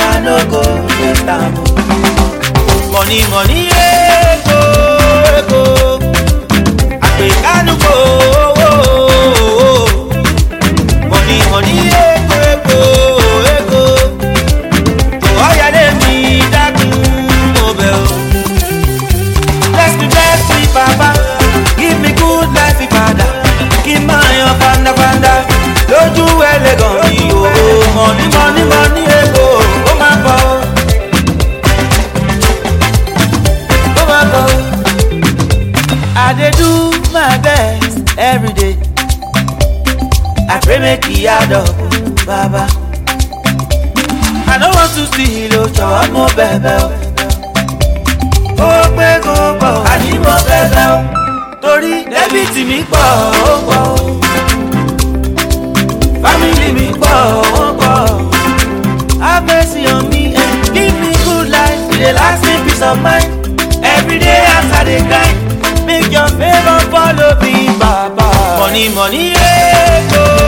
i no go waste am money money ego ego I go. we add I don't want to steal, oh, jọ̀wọ́ mo bẹ̀bẹ̀ o. Ó pé kó pọ̀, àní mo bẹ̀bẹ̀ o. Torí dẹ́bìtì mi pọ̀, ó pọ̀ o. Fámìlì mi pọ̀, ó pọ̀ o. Have mercy on me and eh, give me good life. It last me peace of mind. Every day as I dey grind, make your favour follow me, Baba. Money, money, yeah, oh.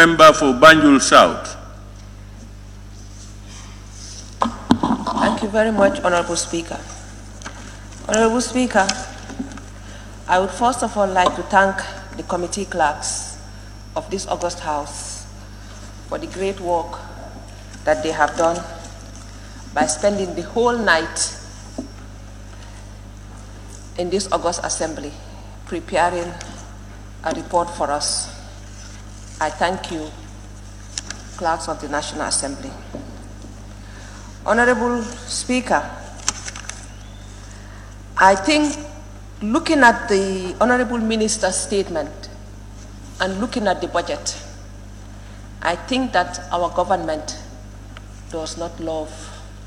member for Banjul South. Thank you very much, Honorable Speaker. Honorable Speaker, I would first of all like to thank the committee clerks of this August House for the great work that they have done by spending the whole night in this August Assembly preparing a report for us I thank you, clerks of the National Assembly. Honorable Speaker, I think looking at the Honorable Minister's statement and looking at the budget, I think that our government does not love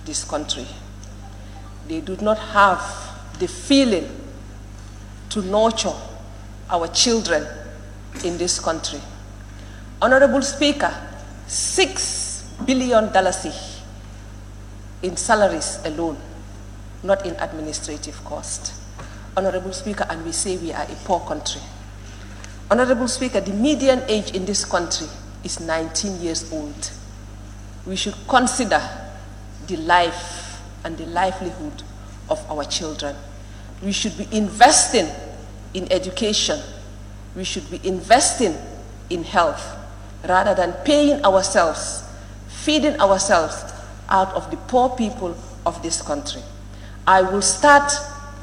this country. They do not have the feeling to nurture our children in this country. Honorable Speaker, six billion dollars in salaries alone, not in administrative cost. Honorable Speaker, and we say we are a poor country. Honorable Speaker, the median age in this country is 19 years old. We should consider the life and the livelihood of our children. We should be investing in education. We should be investing in health rather than paying ourselves, feeding ourselves out of the poor people of this country. I will start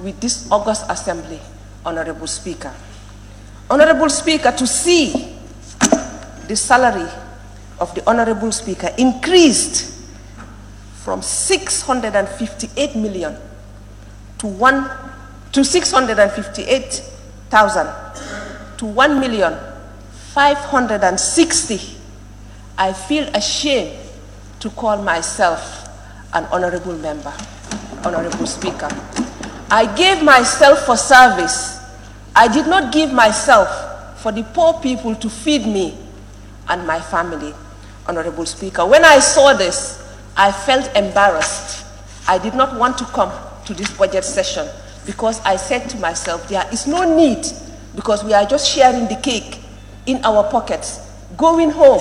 with this August Assembly, Honorable Speaker. Honorable Speaker, to see the salary of the Honorable Speaker increased from 658 million to 1 to 658,000 to 1 million 560, I feel ashamed to call myself an honorable member, honorable speaker. I gave myself for service. I did not give myself for the poor people to feed me and my family, honorable speaker. When I saw this, I felt embarrassed. I did not want to come to this budget session because I said to myself, there is no need because we are just sharing the cake in our pockets, going home,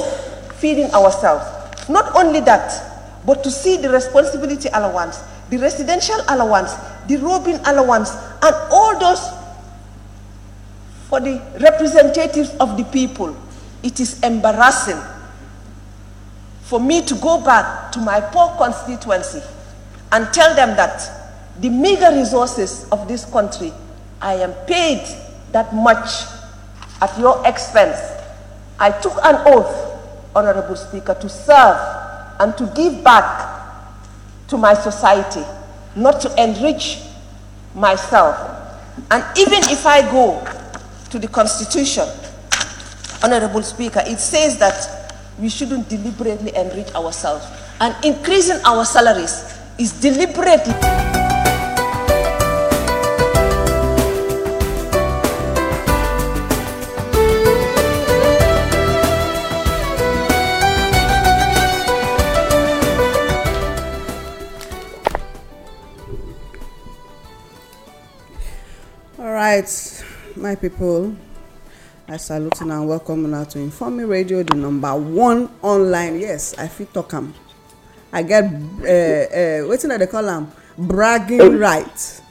feeding ourselves. Not only that, but to see the responsibility allowance, the residential allowance, the robin allowance, and all those for the representatives of the people. It is embarrassing for me to go back to my poor constituency and tell them that the meager resources of this country, I am paid that much at your expense. I took an oath, Honorable Speaker, to serve and to give back to my society, not to enrich myself. And even if I go to the Constitution, Honorable Speaker, it says that we shouldn't deliberately enrich ourselves. And increasing our salaries is deliberately. right my people i salute una and welcome now to informe radio the number one online yes i feel talk am i get uh, uh, wetin i dey call bragging right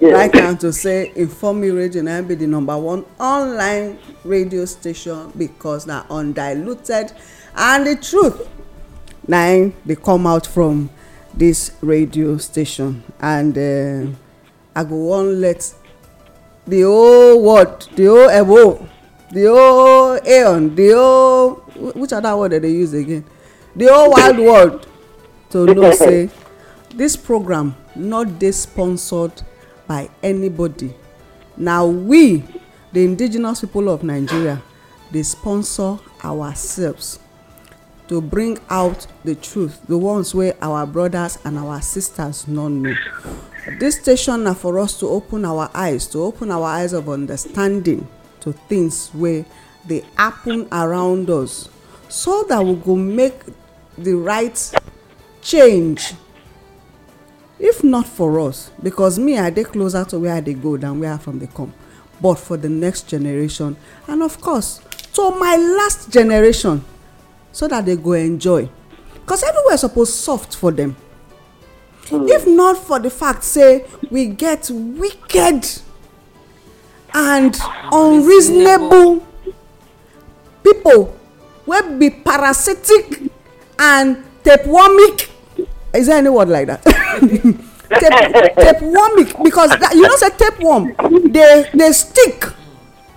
yeah. right now to say informe radio na be the number one online radio station because now undiluted and the truth Now they come out from this radio station and uh, i go wan let the whole world the whole ebo the whole aeon the whole which other word dem dey use again the whole wild world to know say this program not dey sponsored by anybody na we the indigenous people of nigeria dey sponsor ourselves to bring out the truth the ones wey our brothers and our sisters no know This station na for us to open our eyes, to open our eyes of understanding to things wey dey happen around us so that we go make the right change if not for us because me i dey closer to where i dey go than where i from dey come but for the next generation and of course to my last generation so that they go enjoy because everywhere suppose soft for them Hmm. if not for the fact say we get wicked and ah, unreasonable people wey be parasitic and tapewormic is there any word like that tape tapewormic because you know say tapeworm dey dey stick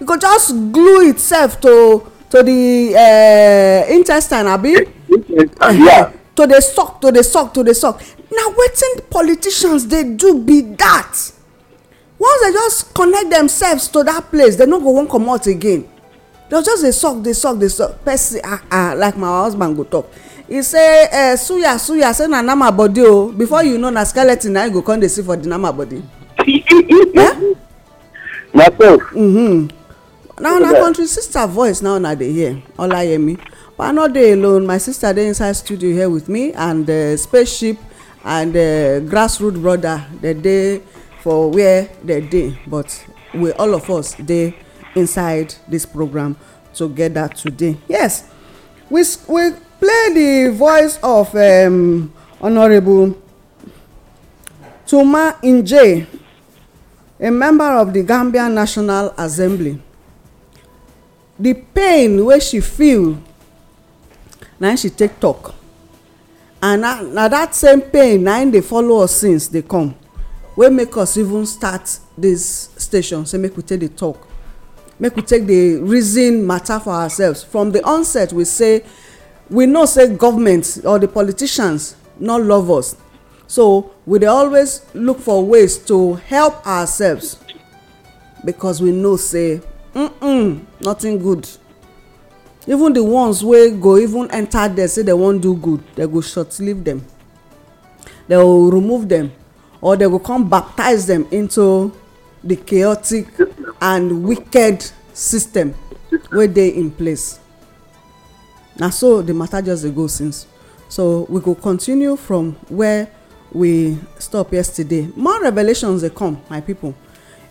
e go just glue itself to to the uh, intestine abi yeah to dey suck to dey suck to dey suck na wetin politicians dey do be that? once they just connect themselves to that place they no go wan comot again dem just dey suck dey suck dey suck person ah ah like my husband go talk He say eh suya suya say na nama body o before you know na skeleton na you go come dey see for the nama body. eh? na so. Mm now na country sister voice now na dey hear olayemi but i no dey alone my sister dey inside studio here with me and spaceship and grassroot brother dem dey for where dem dey but we all of us dey inside this program together today yes we we play the voice of um, honourable tuma nje a member of the gambian national assembly The pain wey she feel na she take talk and na that same pain na im dey follow us since dey come wey make us even start this station say make we take dey talk make we take dey reason matter for ourselves from the onset we say we know say government or the politicians no love us so we dey always look for ways to help ourselves because we know say mm mm nothing good even the ones wey go even enter there say they wan do good They go short leave them. They go remove them, or they go come baptize them into the chaotic and wicked system wey dey in place na so the matter just dey go since so we go continue from where we stop yesterday more revelations dey come my people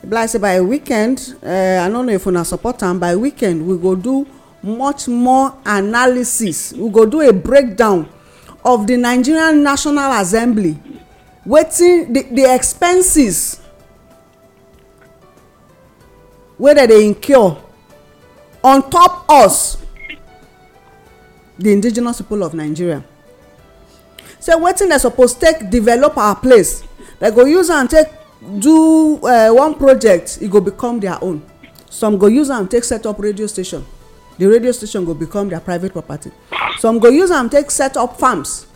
e be like say by weekend uh, i no know if una support am by weekend we go do much more analysis we go do a breakdown of the nigerian national assembly wetin the the expenses wey dem dey incur on top us the indigenous people of nigeria say wetin dem suppose take develop our place dem go use am take do uh, one project e go become their own some go use am take set up radio station the radio station go become their private property some go use am take set up farms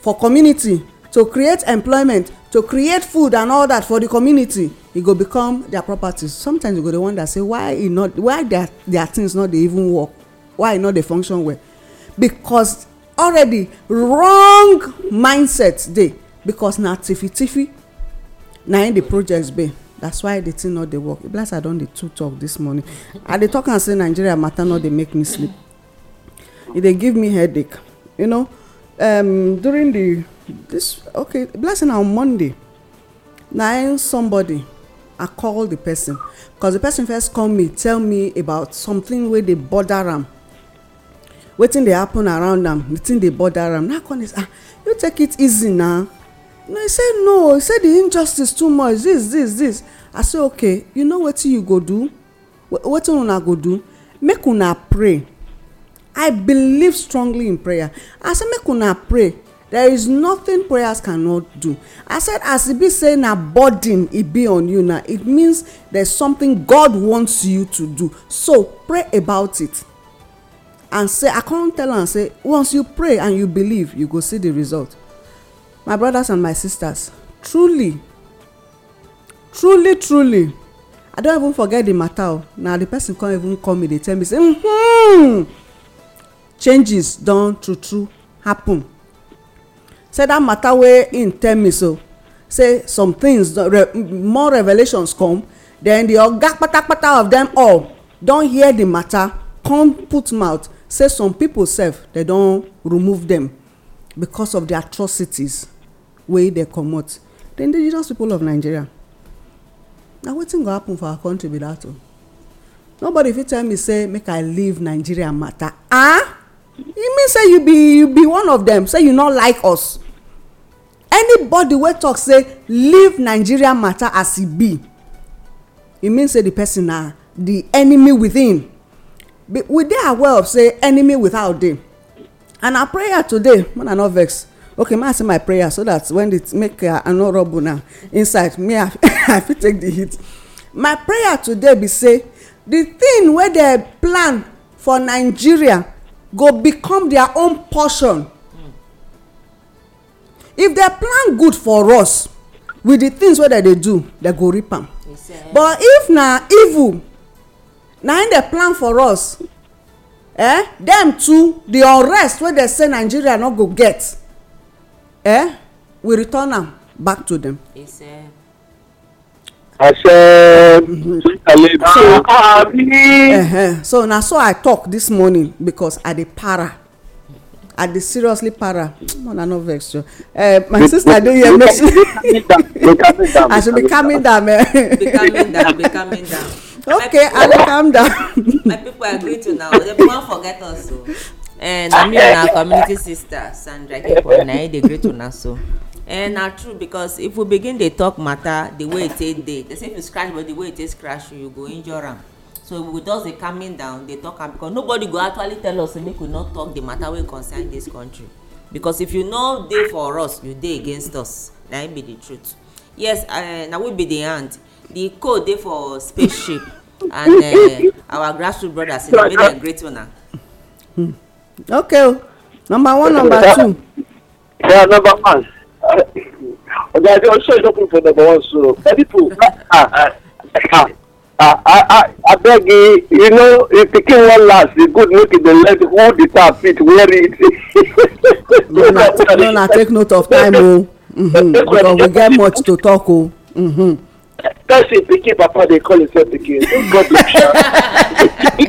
for community to create employment to create food and all that for the community e go become their property sometimes you go dey wonder say why e not why their their things not dey even work why e no dey function well because already wrong mindset dey because na tiffy tiffy na im the project be that's why the thing no dey work I don dey too talk this morning i dey talk am say nigeria matter no dey make me sleep e dey give me headache you know um, during the this okay blessing on monday na somebody i call the person because the person first call me tell me about something wey dey bother am wetin dey happen around am the thing dey bother am na i come dey say ah you take it easy na no he say no he say the injustice too much this this this i say okay you know wetin you go do wetin una go do make una pray i believe strongly in prayer i say make una pray there is nothing prayers cannot do i said as e be say na burden e be on you na it means there's something god wants you to do so pray about it and say i come tell am say once you pray and you believe you go see the result my brothers and my sisters truly truly truly i don even forget the matter o na the person come even call me dey tell me say mm -hmm, changes don true true happen say that matter wey him tell me so say some things re more revelations come then the oga kpatakpata of them all don hear the matter come put mouth say some people sef dey don remove them because of the atrocities wey dem comot the indigenous people of nigeria na wetin go happen for our country be that o nobody fit tell me say make i leave nigeria matter ah e mean say you be you be one of them. say you no like us anybody wey talk say leave nigeria matter as e be e mean say the person na the enemy within But we dey aware of say enemy without dey and our prayer today make i no vex okay ma say my prayer so that when the make i no rub una inside me i fit take the heat my prayer today be say the thing wey dey plan for nigeria go become their own portion if dem plan good for us with the things wey dem dey do dem go reap am but if na evil na im dey plan for us eh dem too the unrest wey dem say nigeria no go get eh, we return am back to them. àṣẹ àlejò àmì. so na so i talk this morning because i dey para i dey seriously para una no vex you uh, my sister dey here make she i should be calming down. be calming down be calming down. okay i dey calm down. my people agree to now dem wan forget us o. So. Eh, na me and our community sister sandra kekwa na e dey greet una so eh, na true because if we begin dey talk matter the way e take dey the same if you scratch body the way e take scratch you you go injure am so we just dey calming down dey talk am because nobody go actually tell us say make we no talk the matter wey concern this country because if you no dey for us you dey against us na im be the truth yes uh, na we be the hand the code dey for spaceship and uh, our grassroots brothers dem make dem great una okay o number one number two. yeah number one ọ̀gá ẹ̀dẹ̀ ọ̀ṣọ́ ìdọ́kùn for number one so people abeg ah, ah, ah. you know if pikin wan last e good make e dey let who the tap fit wear it. no na take note of time o mm-hmm, because we get much to talk o. Mm-hmm. person pikin papa dey call himself pikin god bless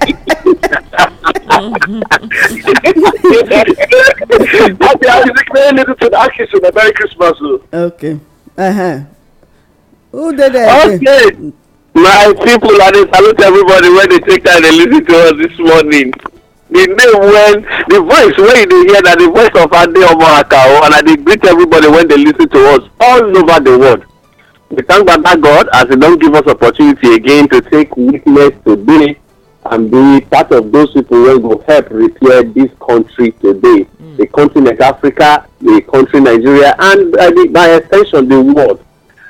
Abi abi ne dedi sen akşesine Merry Christmas. Okay. Uh-huh. Who did that? Okay. My people I I salute everybody when they take time to listen to us this morning. The name when the voice when you hear that the voice of Ade Omorakao, oh, and I dey greet everybody when they listen to us all over the world. We thank Baba God as He don give us opportunity again to take witness today and be part of those people wey go help repair this country today di hmm. continent africa the country nigeria and uh, by extension the world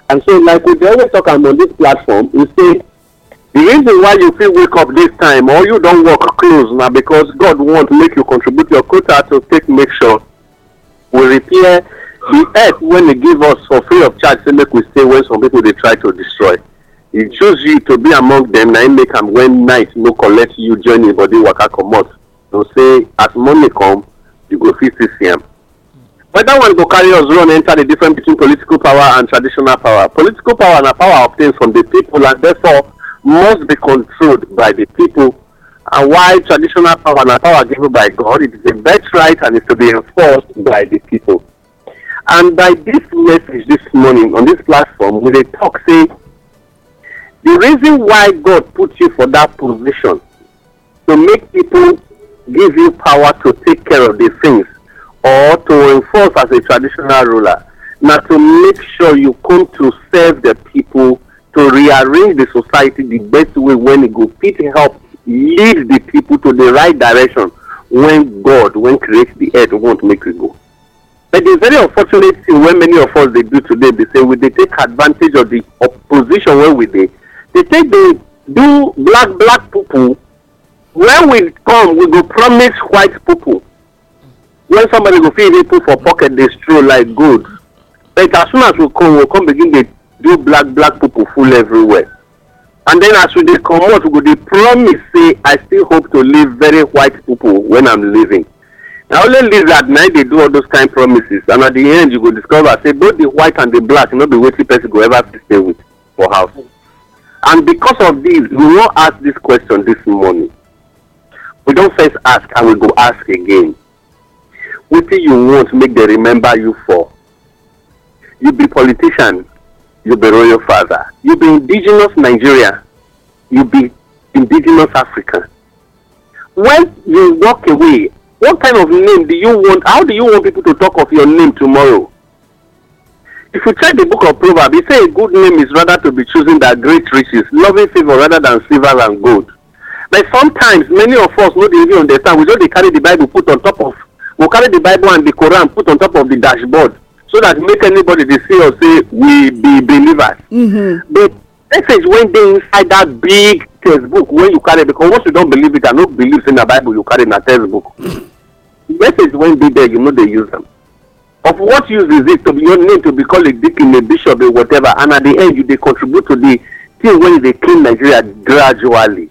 and so like we dey always talk am on dis platform we say the reason why you fit wake up this time or you don work close na because god want make you contribute your quota to take make sure we repair the earth wey he give us for free of charge say make we stay when some people dey try to destroy e choose you to be among them. na im make am when night no collect you join im body waka comot to say as morning come you go fit still see am whether one go carry us run enter the difference between political power and traditional power political power na power obtained from the people and therefore must be controlled by the people and while traditional power na power given by god it is a birthright and is to be enforced by the people and by this message this morning on this platform we dey talk say The reason why God put you for that position to make people give you power to take care of the things or to enforce as a traditional ruler na to make sure you come to serve the people to rearrange the society the best way when e go fit help lead the people to the right direction when God when create the earth want make we go. But the very unfortunate thing wey many of us dey do today be say we dey take advantage of the position wey we dey They take they do black black people when we come we go promise white people when somebody go fit even put for pocket dey stroll like gold but as soon as we come we come begin dey do black black people full everywhere and then as we dey comot we go dey promise say i still hope to live very white people when i'm living na only lizard na dey do all those kind promises and at the end you go discover say both the white and the black no be wetin person go ever fit stay with for house. And because of this, we won't ask this question this morning. We don't first ask and we go ask again. What do you want make they remember you for? You be politician, you be royal father, you be indigenous Nigeria, you be indigenous African. When you walk away, what kind of name do you want? How do you want people to talk of your name tomorrow? If you check the book of Proverbs, it says a good name is rather to be chosen than great riches, loving favor rather than silver and gold. But sometimes many of us no dey even understand. We just dey carry the Bible put on top of we carry the Bible and the Quran put on top of the dashboard so that make anybody dey see us say we be believers. Mm-hmm. But message wey dey inside that big textbook wey you carry because once you don believe it, I no believe say na Bible you carry na textbook. message wey dey there you no know dey use am of what use is it to be your name to be called a deacon a bishop a whatever and at the end you dey contribute to the thing wey dey kill nigeria gradually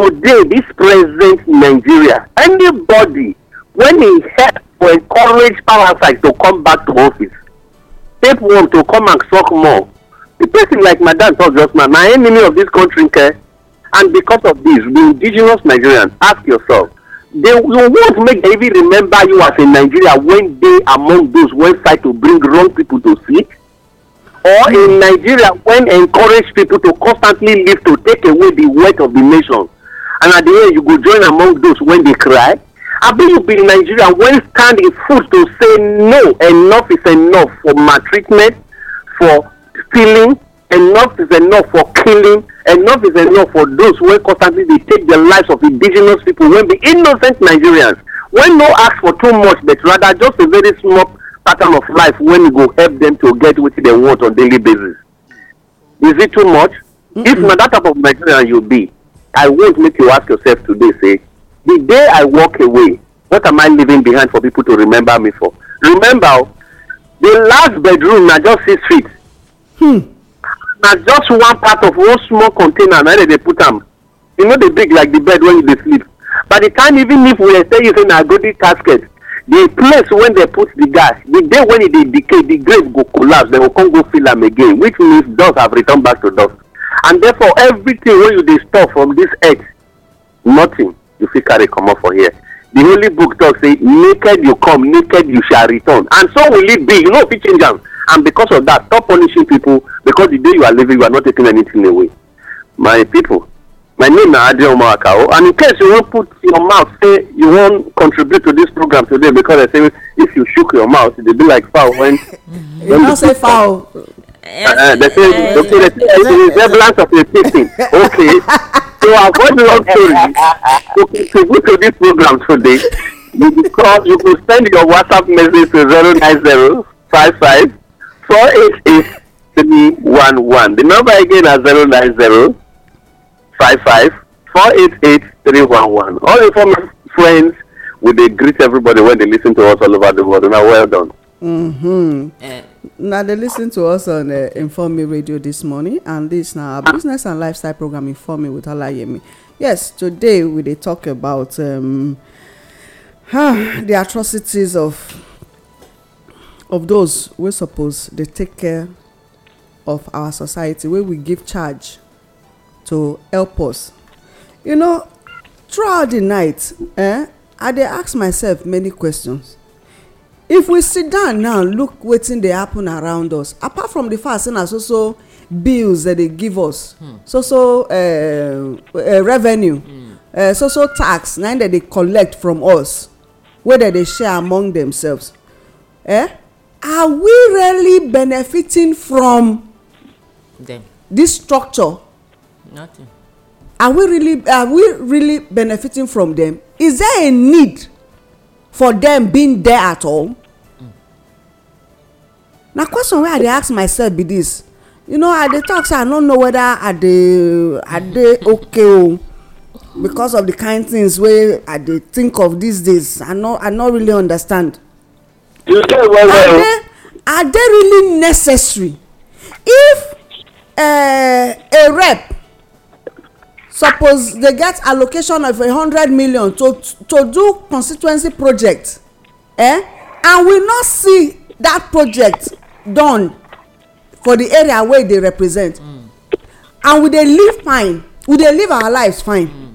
today this present nigeria anybody when e help or encourage parasite to come back to office take one to come and suck more the person like madam talk just now na enemy of this country nke and because of this we indigenous nigerians ask yourself they you want to make David remember you as a Nigeria when they among those website to bring wrong people to seat or in Nigeria when encourage people to constantly live to take away the wealth of the nation and at the end you go join among those when they cry abi you be Nigeria when stand in foot to say no enough is enough for maltreatment for stealing enough is enough for killing enough is enough for those wey constantly dey take the lives of indigenous people wey be innocent nigerians wey no ask for too much but rather just a very small pattern of life wey go help them to get wetin they want on daily basis is it too much. Mm -mm. if na that type of nigerian you be i want make you ask yourself today say the day i walk away what am i leaving behind for people to remember me for remember oh, the last bedroom na just six feet. Hmm na just one part of one small container na dem dey put am You e know dey big like the bed when you dey sleep by the time even if we tell you say na golden casket the place wey dem put the gas the day when e dey decay the grave go collapse dem go come go fill am again which means dust have returned back to dust and therefore everything wey you dey store from this earth nothing you fit carry comot for here the holy book talk say naked you come naked you shall return and so will it be you no know, fit change am and because of that stop punishing people because the day you are leaving you are not taking anything away my people my name na adi omoakao and in case you wan put your mouth say you wan contribute to this program today because i say if you shook your mouth e dey be like fowl when. you no say fowl. Uh, uh, they say okay they say the is resemblance of a chicken okay so avoid long story to contribute to this program today you you go send your whatsapp message to zero nine zero five five four eight eight three one one the number again is zero nine zero five five four eight eight three one one all informed friends we they greet everybody when they listen to us all over the world Now, well done. Mm-hmm. Eh. Now they listen to us on uh, Inform Radio this morning, and this now our business and lifestyle program Inform Me with Alayemi. Yes, today we they talk about um, huh, the atrocities of of those wey suppose dey take care of our society wey we give charge to help us you know throughout the night eh i dey ask myself many questions if we sit down now look wetin dey happen around us apart from the fact say na so so bills dem dey give us hmm. so so uh, eh, uh, eh, revenue hmm. uh, eh, so so tax na dem dey collect from us wey dem dey share among themselves eh are we really benefiting from Them. this structure Nothing. are we really are we really benefiting from them is there a need for them being there at all mm. na question wey i dey ask myself be this you know i dey talk say i no know whether i dey i dey okay o because of the kind things wey i dey think of these days i no i no really understand you get well well. are they are they really necessary if uh, a rep suppose they get allocation of a hundred million to to do constituency project eh and we no see that project done for the area wey e dey represent mm. and we dey live fine we dey live our lives fine. Mm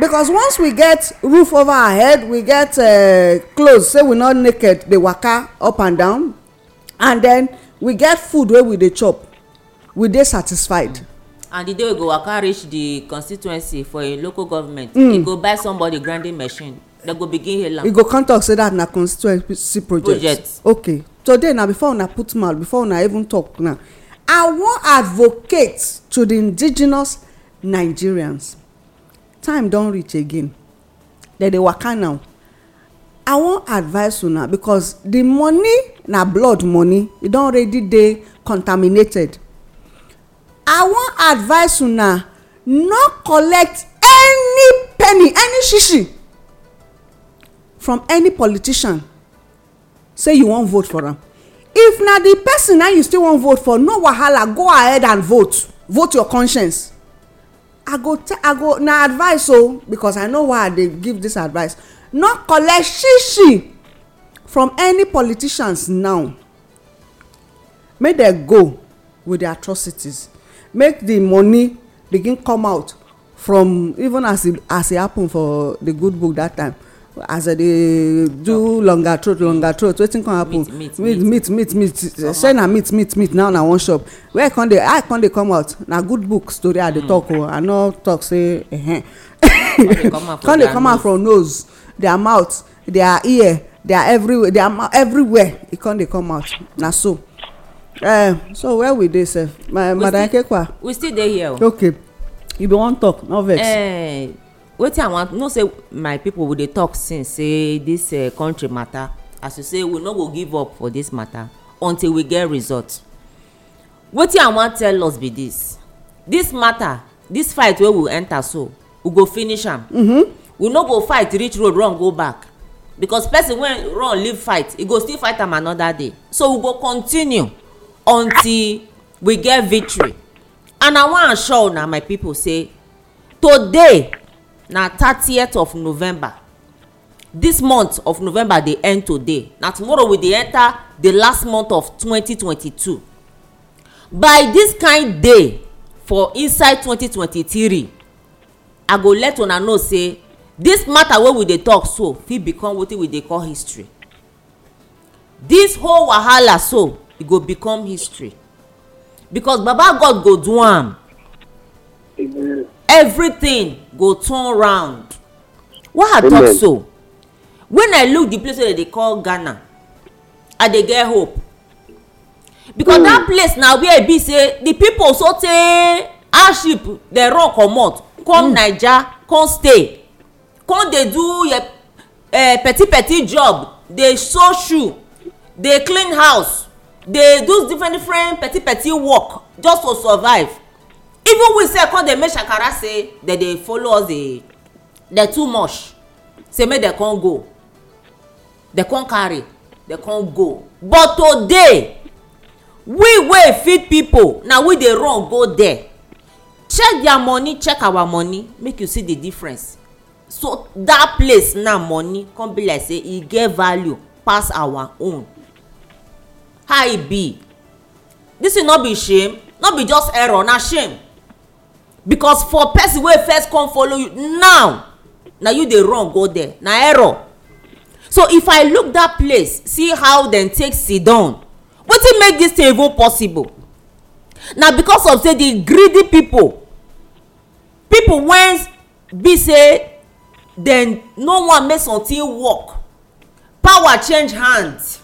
because once we get roof over our head we get uh, clothes say we not naked dey waka up and down and then we get food wey we dey chop we dey satisfied. and the day we go waka reach the constituency for a local government. Mm. e go buy somebody grinding machine dem go begin hail am. e go come talk say that na constituency project. project okay today na before una put mouth before una even talk now i wan advocate to the indigenous nigerians time don reach again dem dey waka now i wan advise una because the money na blood money e don already dey contaminated i wan advise una no collect any penny any shishi from any politician say you wan vote for am if na the person na you still wan vote for no wahala go ahead and vote vote your conscience i go i go na advice o because i know why i dey give this advice no collect shishi from any politicians now make dem go with the atrocities make the money begin come out from even as e as e happen for the good book that time as i dey do longer throat longer throat wetin come happen meat meat meat meat say na meat meat meat now na one shop where i come dey i come dey come out na good book story i dey hmm. talk o i no talk say ehn come dey come out from nose their mouth their ear their everywhere their everywhere e come dey come out na so uh, so where we dey sef madam kekwa we still dey here o okay you bin wan talk no vex. Uh, wetin i wan know say my people we dey talk since say this uh, country matter as you say we no go give up for this matter until we get result wetin i wan tell us be this this matter this fight wey we enter so we go finish am mm -hmm. we no go fight reach road run go back because person wey run leave fight e go still fight am another day so we go continue until we get victory and i wan assure una my people say today na thirtieth of november this month of november dey end today na tomorrow we dey enter the last month of twenty twenty two. by this kind day for inside twenty twenty three, i go let una know say this matter wey we dey talk so fit become wetin we dey call history this whole wahala so e go become history because baba god go do am everything go turn round why i talk so when i look the place wey dem dey call ghana i dey get hope because mm. that place na where e be say the people so tey hardship dey run comot come mm. naija come stay come dey do your uh, eh, petit petty job dey sew shoe dey clean house dey do different different petit petit work just to survive even we sef come dey make shakara say dem dey follow us dey dem too much say make dem come go dem come carry dem come go but today we wey feed pipo na we dey run go there check their money check our money make you see the difference so that place now money come be like say e get value pass our own how e be this thing no be shame no be just error na shame because for person wey first come follow you now na you dey run go there na error so if i look that place see how dem take sit down wetin make this thing even possible na because of say the greedy people people wen be say dem no wan make something work power change hands.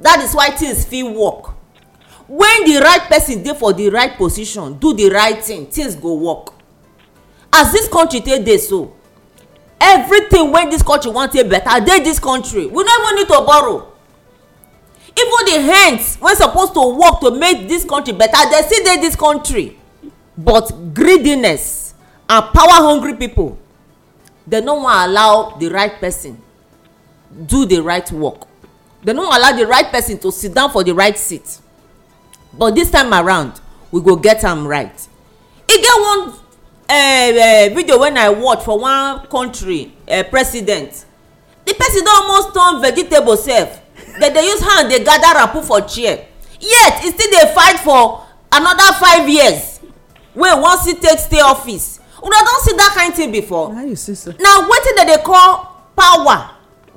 that is why things fit work when the right person dey for the right position do the right thing things go work as this country take dey so everything wey this country wan take better dey this country we no even need to borrow even the hands wey suppose to work to make this country better dey still dey this country but greediness and power hungry people dem no wan allow the right person do the right work dem no wan allow the right person to sit down for the right seat but this time around we go get am right e get one uh, uh, video wen i watch for one country uh, president the person don almost turn vegetable sef dem dey use hand dey gather am put for chair yet e still dey fight for another five years wey e wan still take stay office una don see that kind thing before na wetin dem dey call power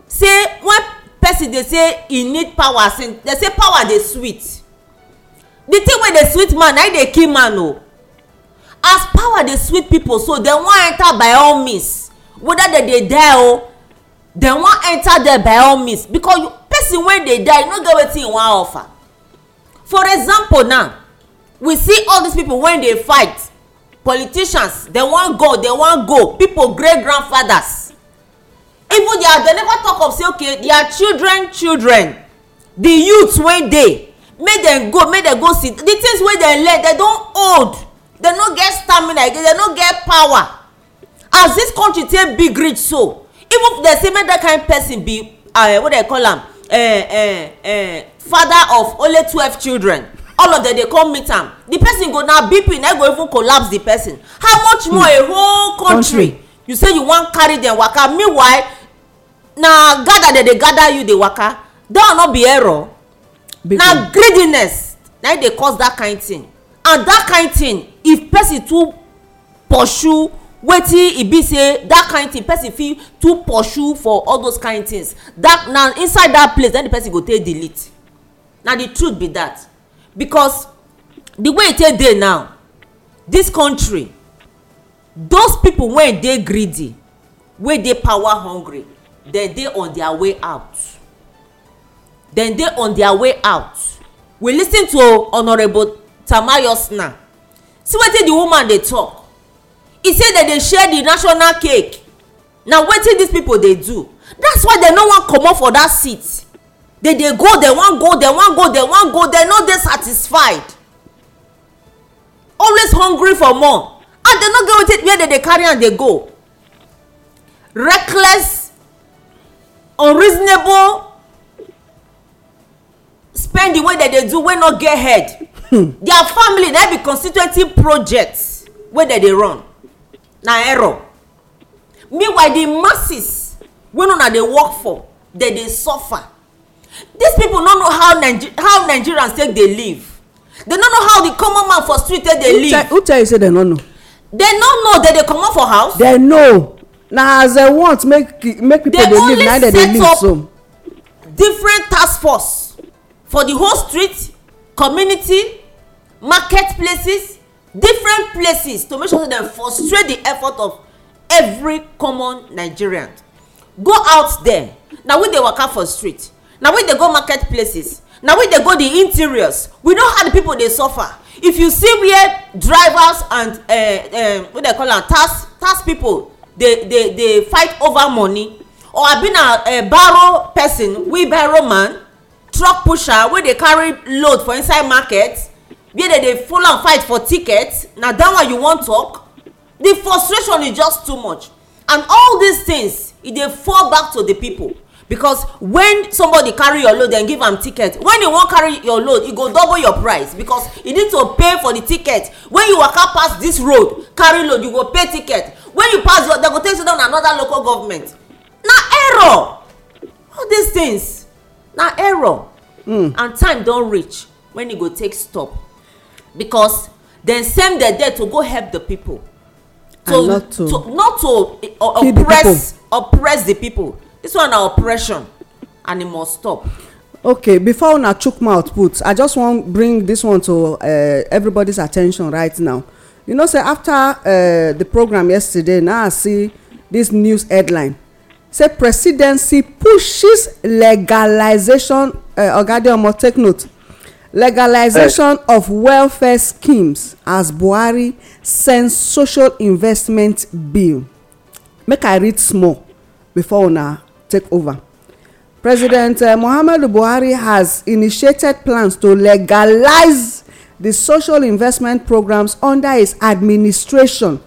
say when person dey say e need power since say power dey sweet the thing wey dey sweet man na e dey kill man o oh. as power dey sweet people so dem wan enter by all means whether dem dey die o oh, dem wan enter there by all means because person wey dey die no get wetin e wan offer for example now we see all these people wey dey fight politicians dem wan go dem wan go people great grandfathers even their dem never talk of say okay their children children the youth wey dey make dem go make dem go sit the things wey dem learn dem don old dem no get stamina again dem no get power as this country take big reach so even if dem say make that kind person be uh, what dem call am uh, uh, uh, father of only twelve children all of them dey come meet am the person go na bp na go even collapse the person how much hmm. more a whole country, country. you say you wan carry dem waka meanwhile na gather dem dey gather you dey waka that one no be error na greediness na e dey cause that kind thing and that kind thing if person too pursue wetin e be say that kind thing person fit too pursue for all those kind things that na inside that place then the person go take delete na the truth be that because the way e take dey now this country those people wey dey greedy wey dey power hungry dem dey on their way out dem dey on their way out we lis ten to honourable tamayosna see wetin the woman dey talk e say dem dey share the national cake na wetin dis people dey do that's why dem no wan comot for that seat dem dey go dem wan go dem wan go dem wan go dem no dey satisfied always hungry for more and dem no get wetin where dem dey carry am dey go reckless unreasonable spending wey dem dey do wey no get head hmm. their family na be constituency project wey dem dey run na error meanwhile the masses wey una dey work for dem dey suffer these people no know how Niger how nigerians take dey live They no know how the common man for street take dey live who tell you say dem no know dem no know dem dey comot for house dem know na as dem want make make people dey live na dem dey live so different task force for the whole street community market places different places to make sure say dem frustrate the effort of every common nigerian go out there na we dey waka for street na we dey go market places na we dey go the interiors we know how the people dey suffer if you see where drivers and uh, uh, what they call am tax tax people dey dey dey fight over money or abi na uh, borrow person we borrow man truck pusher wey dey carry load for inside market where dem dey full am fight for ticket na that one you wan talk the frustration is just too much and all these things e dey fall back to the people because when somebody carry your load dem give am ticket when e wan carry your load e go double your price because e need to pay for the ticket when you waka pass this road carry load you go pay ticket when you pass your dem go take you down another local government na error all these things na error hmm. and time don reach when e go take stop because dem send dem there to go help the people to not to not to eh, oppress oppress the people this one na oppression and e must stop okay before una chook mouth put i just wan bring this one to eh, everybody's attention right now you know say after eh, the program yesterday now i see this news headline say presidency pushes legalization eh, oga adeomo take note legalization of welfare schemes as buhari sends social investment bill make i read small before una take over president eh, muhammadu buhari has initiated plans to legalize the social investment programs under his administration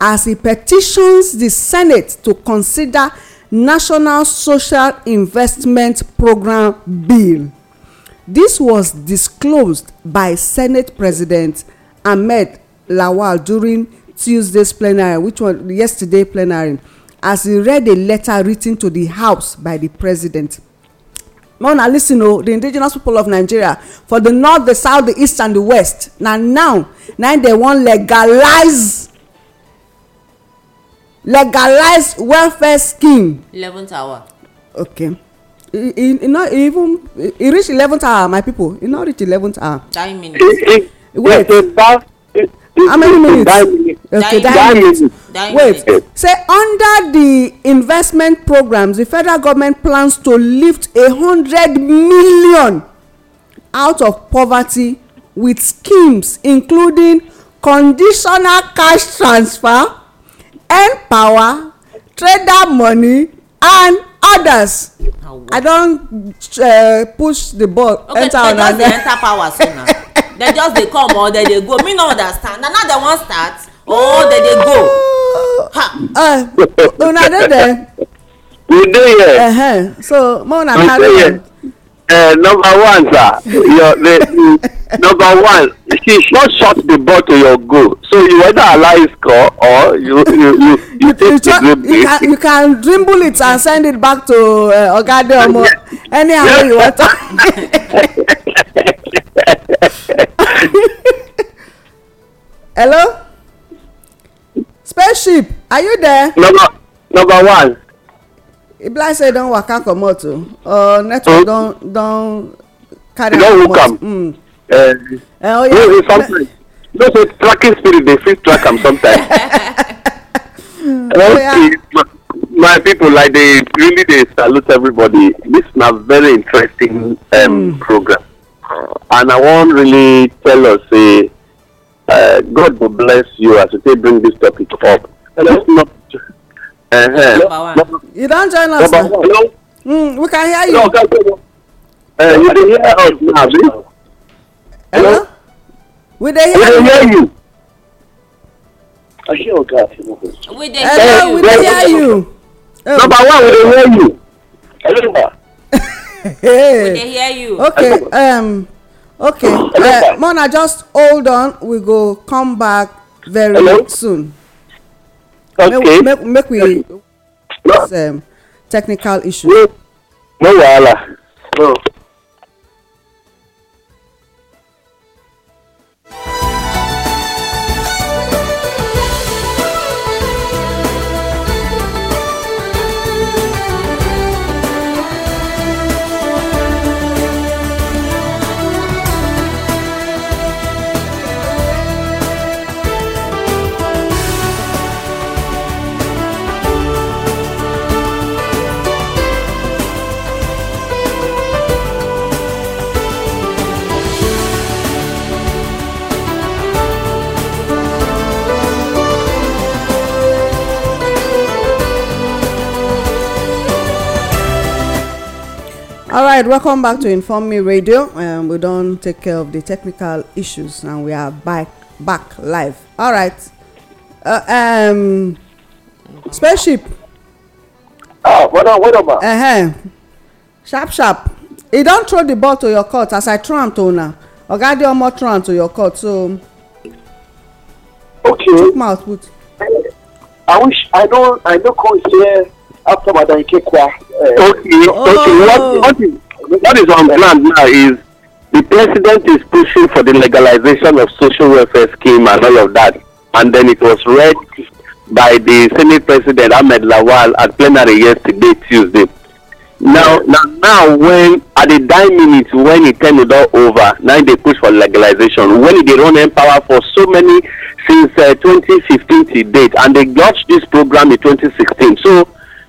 as he petitions the senate to consider national social investment program bill this was disclosed by senate president ahmed lawal during tuesday's plenary which was yesterday plenary as he read a letter written to the house by the president mona listen o oh, the indigenous people of nigeria for the north the south the east and the west na now na dem wan legalize legalized welfare scheme. eleventh hour. okay e e no even e reach eleventh hour my people e no reach eleventh hour. nine minutes. wait how many minutes. okay nine minutes. minutes wait say under the investment programs the federal government plans to lift a hundred million out of poverty with schemes including conditional cash transfer npower trader money and others oh, i don uh, push the ball okay, enter on am. okay they just dey enter power so na they just dey come or they dey go me no understand na now they wan start or oh, they dey go. Ha. Eh, una dey there. we dey here. Uh -huh. so make una carry on uh, number one, sir, your, the, number one, she just shot the ball to your goal. So you either allow it score or you you you, you, you, you, the you, can, you can dribble it and send it back to uh, eh, Ogade Omo anyhow you want. Hello, spaceship, are you there? Number number one e be like say don waka comot o or network don oh. don carry am comot mm eh. eh, oh yeah sometimes you know say tracking spirit dey fit track am sometimes eh, oh, my people like dey really dey salute everybody this na very interesting um, hmm. program and i wan really tell us say god go bless you as you take bring this topic up hmm. let's not uh you don't join us. Number one. Hello? Mm, we can hear you. No, can hear eh, you. Uh, you can hear us now, see? Hello? Hello? We dey hear, hear you. Hello, we dey hear, you. we dey hear you. Oh. Number one, we dey hear you. Hello, hey. We dey hear you. Okay, um, okay. Uh, Mona, just hold on. We go come back very Hello? soon okay make, make we this um, technical issue. no wahala no. all right welcome back to inform me radio um, we don take care of the technical issues and we are back back live all right uh, um, spaceship. Oh, ah, what done well done Uh -huh. sharp sharp e don throw the ball to your court as i throw am to una oga de omo throw am to your court so. okay chook mouth put. i wish i no i no come here after madam kekwa Okay, oh. okay. What, oh. what, is, what is on plan now is the president is pushing for the legalization of social welfare scheme and all of that. And then it was read by the Senate President Ahmed Lawal at plenary yesterday, Tuesday. Now, now, now, when at the dime minute when it turned it all over, now they push for legalization. When they run Empower for so many since uh, 2015 to date, and they launched this program in 2016. So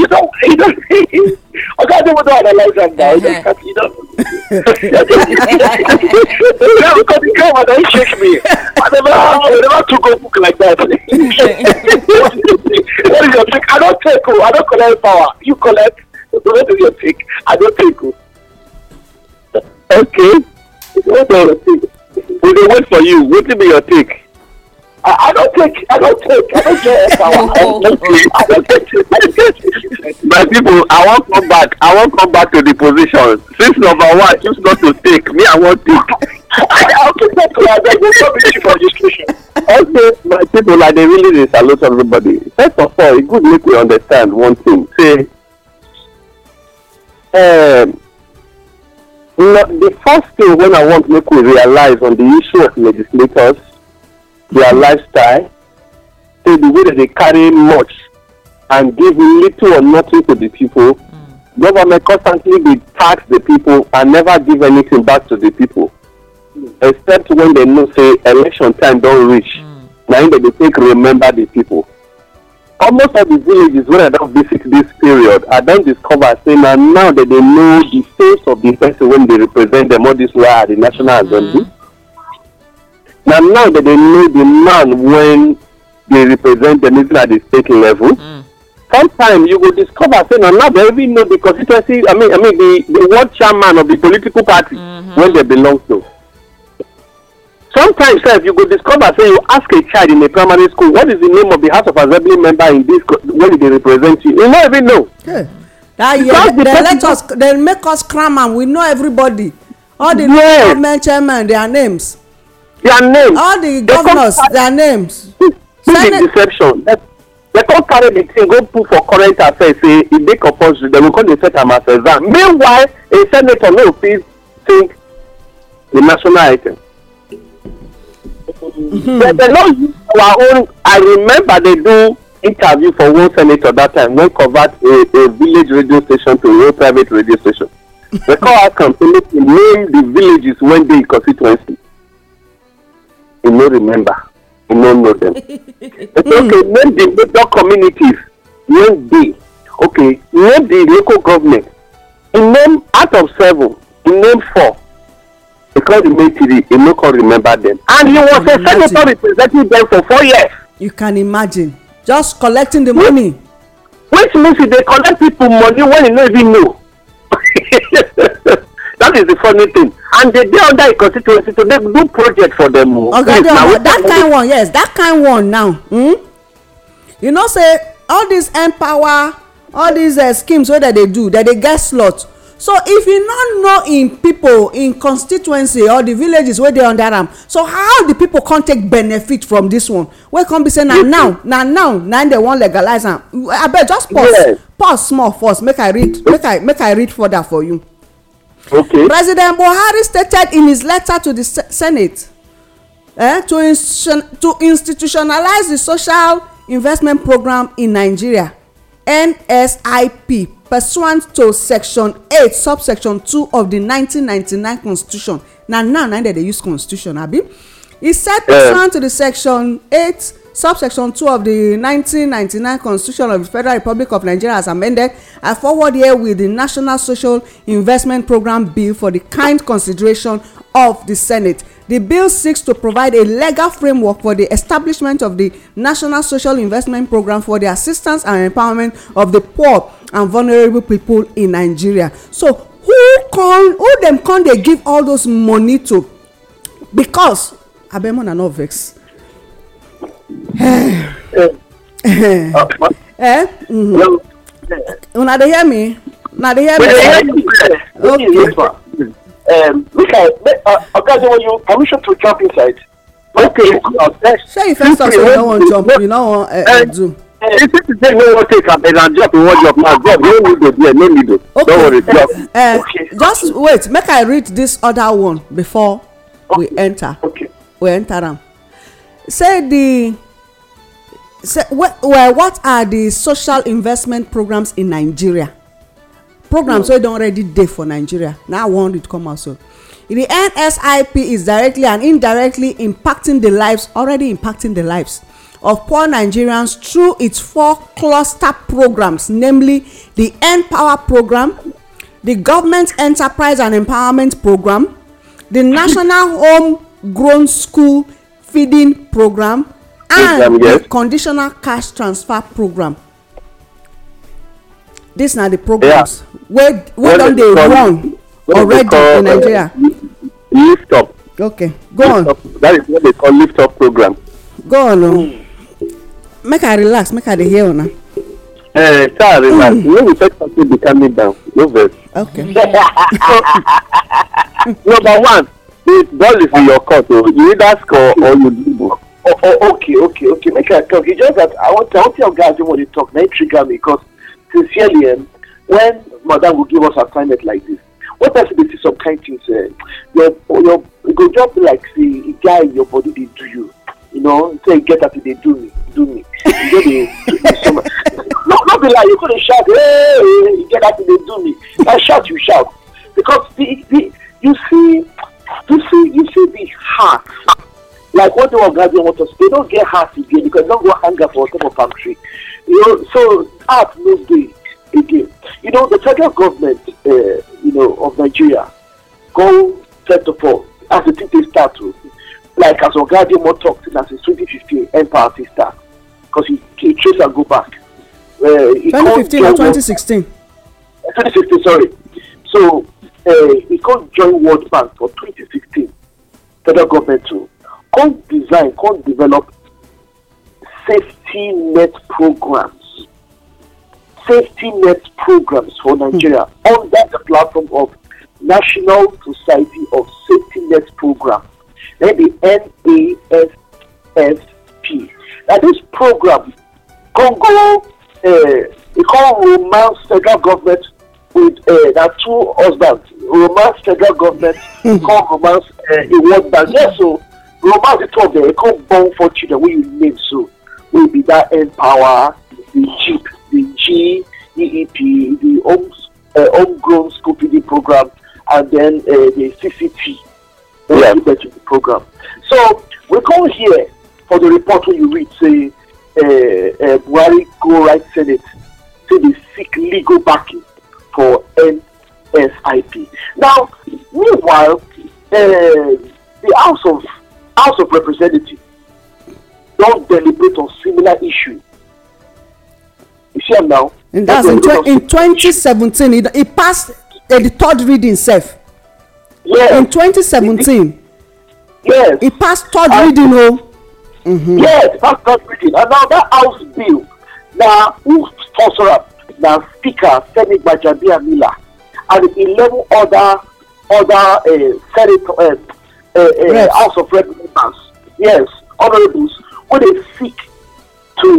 you don't, you don't, I can't do without a lot of now. You don't, you don't. yeah, because you come don't. they shake me. I never, I never took a book like that. what is your trick? I don't take you. Oh, I don't collect power. You collect. What is You trick? I don't take you. Oh. Okay. What is You trick? We will wait for you. What will be your trick? I, I don't take, I don't take, I don't care if I want. I don't take. My people, I won't come back. I won't come back to the position. Since number one, choose not to take. Me, I won't take. I, I'll keep that clear. There will not be cheap registration. Also, my people, like they really they salute everybody. First of all, it good make we understand one thing. Say, um, the first thing when I want make we realize on the issue of legislators their lifestyle say the way dem dey carry much and give little or nothing to the people mm. government constantly dey tax the people and never give anything back to the people mm. except when they know say election time don reach mm. na im dem dey take remember the people almost all the villages wey i don visit this period i don discover say na now dem dey know the face of the person wey dey represent dem all this while at the national assembly. Mm. Now, now that they know the man when they represent the nation at the state level, mm. sometimes you will discover saying, now, now they even know the constituency, I mean, I mean the, the world chairman of the political party mm-hmm. when they belong to. Sometimes, sir, you go discover, say, you ask a child in a primary school, what is the name of the House of Assembly member in this, where they represent you? You don't even know. Yeah. That year, they, they let us, they make us cram and we know everybody. All the yes. government chairman, their names their names. all the governors their names. do the deception dem come carry the thing go put for current affairs say e dey compulsory They go come dey set am as exam meanwhile a senator no fit think the national item. dem mm-hmm. dey no use our own i remember they do interview for one senator that time wey convert a a village radio station to a private radio station. dem come ask am say name the villages wey dey constituency you no remember you no know them okay name the local communities name dey okay name the local government e name out of seven e name four because e make three e no come remember them and he was a senator representing them for four years. you can imagine just collecting the money. which means he dey collect people money wey he no even know. that is the funny thing and they dey under a constituency to make good project for them oga okay, yes, that kind one yes that kind one now hmm? you know say all these empower all these uh, schemes wey dem dey do dem dey get slot so if you no know im people im constituency or the villages wey dey under am so how the people come take benefit from this one wey come be say na now na now na im dey wan legalise am abeg just pause yes. pause small first make i read make i make i read further for you. Okay. President Buhari stated in his letter to the Senate eh, to, to institutionalize the social investment program in Nigeria NSIP pursuant to section 8 subsection 2 of the 1999 constitution na now na dem dey use constitution abi e said pursuant uh, to the section 8 subsection two of the nineteen ninety nine constitution of the federal republic of nigeria as amended i forward here with the national social investment program bill for the kind consideration of the senate the bill seeks to provide a legal framework for the establishment of the national social investment program for the assistance and empowerment of the poor and vulnerable people in nigeria so who con who dem con dey give all those money to because abemona no vex Eh? eh una dey um, hear me na dey hear me okay okay oga adewoyu permission to jump inside okay shey you first talk say you no wan jump you no wan eh, eh, do if you say no wan take am and jump you wan jump na jump no need to there no need to don't worry jump okay just wait make i read this other one before we enter okay we enter am say the di well what are the social investment programs in nigeria programs wey don already dey for nigeria na one read come out so the nsip is directly and indirectly impacting the lives already impacting the lives of poor nigerians through its four cluster programs namely the empower program the government enterprise and empowerment program the national home grown school feeding program and yes. conditional cash transfer program dis na the programs wey don dey run already in uh, nigeria lift up okay go on that is what they call lift up program go on o oh. make i relax make i dey hear una eh sir relax mm. when we talk something dey calm me down no vex okay number one the ball is in your court o oh, you either score or you dribble. Oh, oh, oh, okay, okay, okay. Make I talk. It's just that I want, I want to tell guys when they talk, they trigger me because sincerely, um, when madam will give us assignment like this, what else they see some kind things? Uh, your, your, it go just be like the guy in your body they do you. You know, say so get up, they do me, do me. You know, they, they, no, be like you go to shout, hey, you get up, they do me. I shout, you shout because the, the, you see you see, you see the hard. Like what the Ogabian want us, they don't get hard again because they don't go anger for some of country. You know, so art no day again. You know, the federal government, uh, you know, of Nigeria, go set up as the thing they start to, like as Ogabian more talked in as 2015 empire they start because he he trace and go back. Uh, 2015 or 2016. 2016, uh, sorry. So uh, he come join World Bank for 2016, federal government to come design, come develop safety net programs, safety net programs for hmm. Nigeria mm that under the platform of National Society of Safety Net Program, then the NASSP. Now this program, Congo, uh, eh, they call Romance federal government with uh, that two husbands romance federal government hmm. come romance uh, a world yes so romance the two of they come born for children We you name so We be that end power the jeep the geep the home uh, homegrown school feeding program and then uh, the cct yeah. the program so we come here for the report wey you read say uh, uh, buhari go right senate to they seek legal backing for NSIP. Now, meanwhile, uh, the House of House of Representatives don't deliberate on similar issue. You see now. And that's in, tw- in 2017 it, it passed uh, the third reading sef. Yes. In 2017. Yes. It passed third and, reading Oh. Mm-hmm. Yes, passed third reading and now that house bill now who sponsor am na speaker femi gbajabiamila and eleven other other uh, eh, senator uh, eh, uh, eh, uh, yes. house of rep members yes honourables wey dey seek to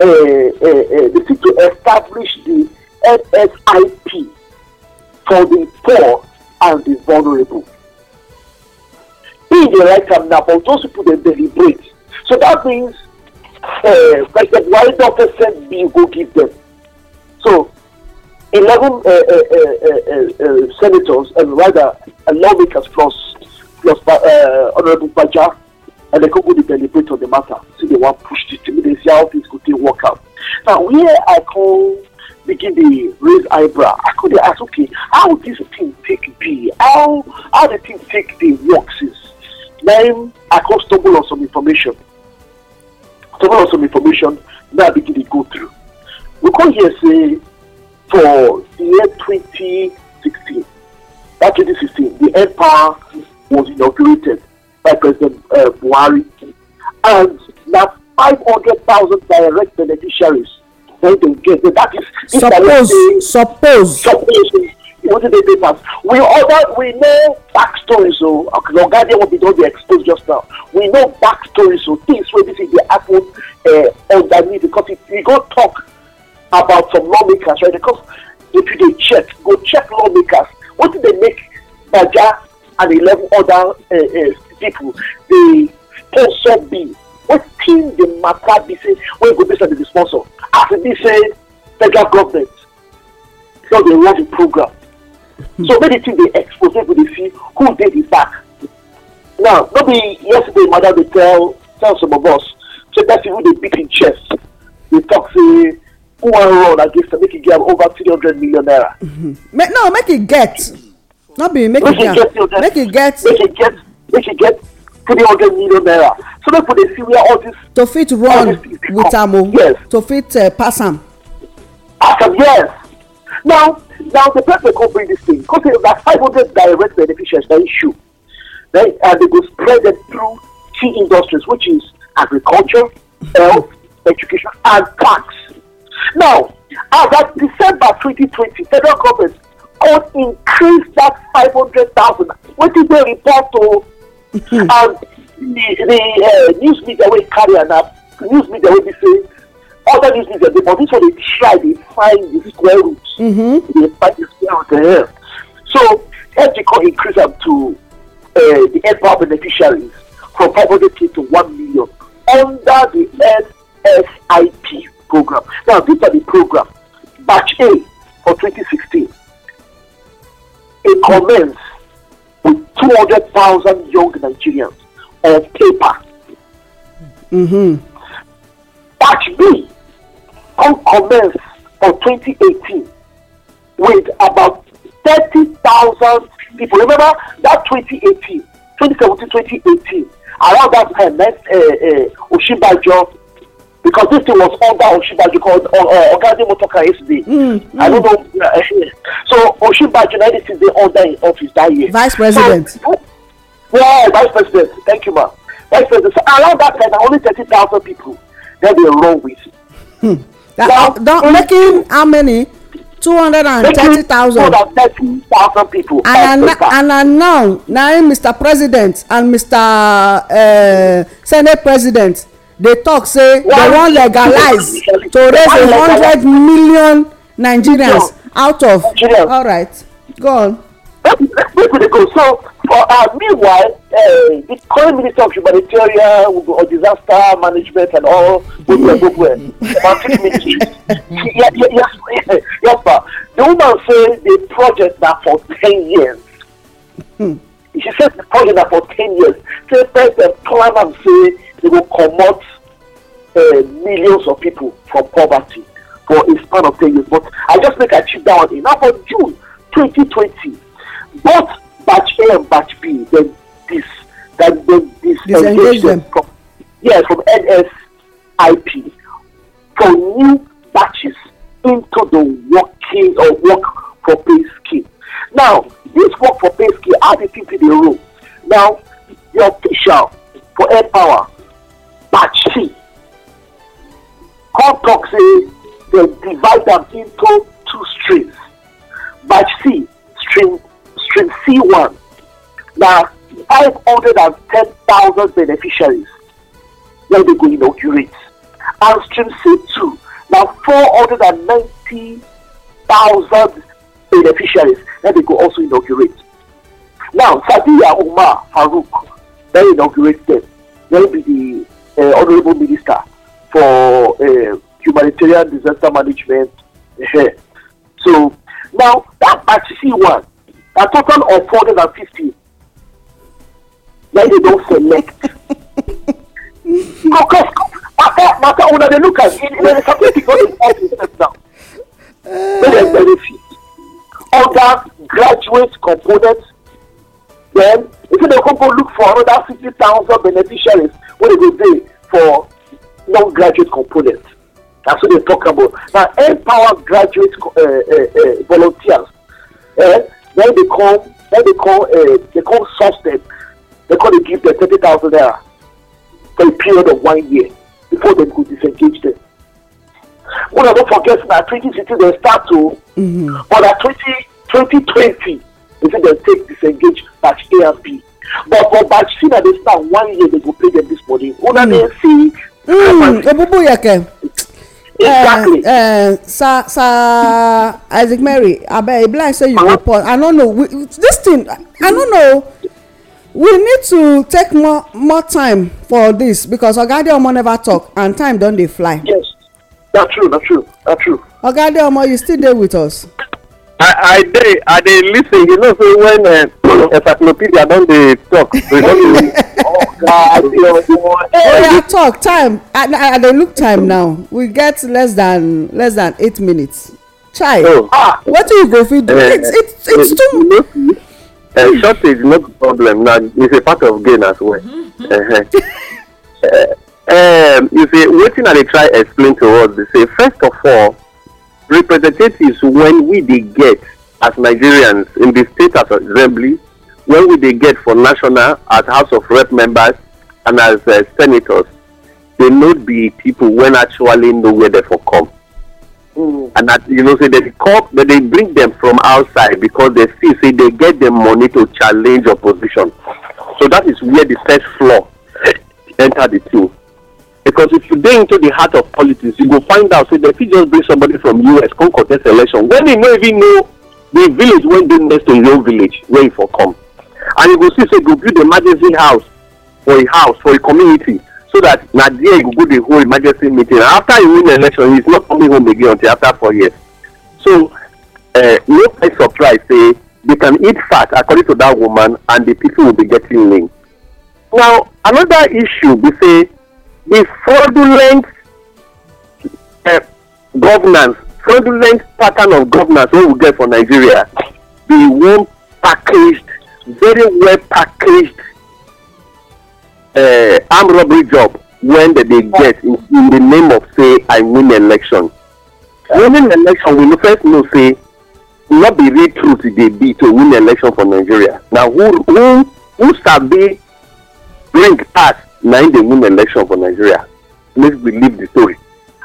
uh, uh, uh, dey seek to establish the nsip for the poor and the vulnerable e dey write am na but those people dey deliberate so that means uh, president buhari don first send bill go give them So 11 uh uh, uh, uh, uh, senators and rather lawmakers plus, plus Honorable Baja and they could Congo deliberate on the matter. so they want pushed it to see how things could work out. Now, where I call begin the raise eyebrow. I could ask, okay, how this thing take be? How how the thing take the work since? Then I could stumble on some information. Stumble on some information that I begin to go through. because yes say for the year 2016 that 2016 the empire was inaugurated by president uh, buhari and na 500,000 direct beneficiaries wey dem get but that is. suppose suppose suppose wetin dey dey pass we order we know back stories o oh. okay oga dey wan be don dey expose just now we know back stories o oh. things wey be say dey happen uh, underneath because if we go talk about some lawmakers, right? Because if you they check, go check lawmakers. What did they make Baja and eleven other uh, uh, people? They sponsor bill. Wetin the matter be say wey go be say the sponsor? As e be say federal government don dey run the program. Hmm. so many things dey expose people dey see who dey the back. now no be yesterday mother, dey tell tell some of us say person who dey beat him chest dey talk say who wan run against am make e get over three hundred million naira. Mm-hmm. no make e get no be make e get make e get make e get make e get three hundred million naira so make we dey see where all this. to fit run with am o yes to fit uh, pass am. pass am yes now now the person go bring this thing because say na five hundred direct beneficiaries na issue then and they go spread it through key industries which is agriculture health education and tax Now, as at December 2020, federal government could increase that 500,000. What did they report to? Hmm. and um, the, the uh, news media will carry an app, news media will be saying, other news media, but this one they try, to find the square root. Mm-hmm. They find the square root there. So, EPICO increase up to uh, the EPA beneficiaries from 500k to 1 million under the NSIP program. Now, these are the program. Batch A for 2016. It commenced with 200,000 young Nigerians on paper. Mm-hmm. Batch B commenced for 2018 with about 30,000 people. Remember that 2018, 2017, 2018, around that time, uh, uh, Osinbajo because this thing was under Oshibaji called uh, uh Ogade Motoka SD. Mm, mm. I don't know. Uh, so Oshibaji now this is the order in office that year. Vice President. So, yeah, Vice President. Thank you, ma. Vice President. So around that time, only thirty thousand people that they run with. Hmm. That, now, uh, don't, making how many? two hundred and thirty thousand. two hundred and thirty thousand people. and na and na now mr president and mr uh, senate president They talk say they wan legalise to raise a hundred million nigerians out of all right. go on so for uh, meanwhile eh, the current minister of humanitarian or uh, disaster management and all gbogbo gbogbo management ministry yes yes, yes, ma the woman say the project na for ten years hmm. she say the project na for ten years say first dem plan am say e will comot uh, millions of people from poverty for a span of ten years but i just make a chip down. in now for june 2020 both batch a and batch b then this, then then this dem from yes from nsip for new batches into the working or uh, work for pay scheme now this work for pay scheme how the people they roll now your official for air power kpachi come talk say dem divide am into two streams batch c stream stream c1 Now, five hundred and ten thousand beneficiaries wey dey go inaugurate and stream c2 Now, four hundred and ninety thousand beneficiaries wey dey go also inaugurate now sadiya umar farouk they inaugurate dem dem be the uh, honorable minister for uh, humanitarian disaster management. Uh, so now that Pachisi one, a total of four hundred and fifty. then they don't select. Because after, after when they look at it, there is something because it's all business now. There is benefit. Other graduate components, then if they go look for another fifty 50,000 beneficiaries, What do go dey for non graduate component That's what they talk about Now, empower graduate uh, uh, uh, volunteers eh dem dey come dem dey come dey come source dem dem come dey give them thirty thousand naira for a period of one year before dem go disengage them. una no forget na twenty sixteen dem start o mm-hmm. but na twenty twenty twenty dem say dem take disengage batch a and b But for Bathsheba, they start one year, they go play them this morning. Una mm. see. Mm. Obubu yeke. Eh, exactly. Uh, uh, eh, sir, sir Isaac Mary, I bet blind say you uh-huh. report. I don't know. We, this thing, I don't know. We need to take more more time for this because Ogade Omo never talk and time don't they fly. Yes, that's true, that's true, that's true. Ogade Omo, you still there with us? i I dey i dey lis ten you know say when uh, encyclopedia don dey talk they don dey oh god oya oh, talk time i dey look time now we get less than less than eight minutes chai oh. wetin you go fit do it's eh, it's eh, too Uh, shortage no be problem na it's a part of gain as well uh, um, you see wetin i dey try explain to us be say first of all representatives when we dey get as nigerians in the state assembly when we dey get for national as house of rep members and as uh, senators dey no be people when actually know where dem for come mm. and that you know say dem come but dey bring dem from outside because dey see say dey get the money to challenge opposition so that is where the first flaw enter the thing because if you dey into the heart of politics you go find out say dem fit just bring somebody from us come contest election when e no even know the village wey dey next to your village wey e for come and you go see say go build emergency house for a house for a community so that na there you go dey hold emergency meeting and after you win election he is not coming home again until after four years so uh, no quite surprise say they can eat fat according to that woman and the people will be getting lean now another issue be say the fraudulent uh, governance fraudulent pattern of governance wey we get for nigeria be one packaged very well packaged uh, armed robbery job when dem dey get in, in the name of say i win election winning election we no first know say no be real truth e dey be to win election for nigeria na who who who sabi bring pass na im dey win election for nigeria make we leave the story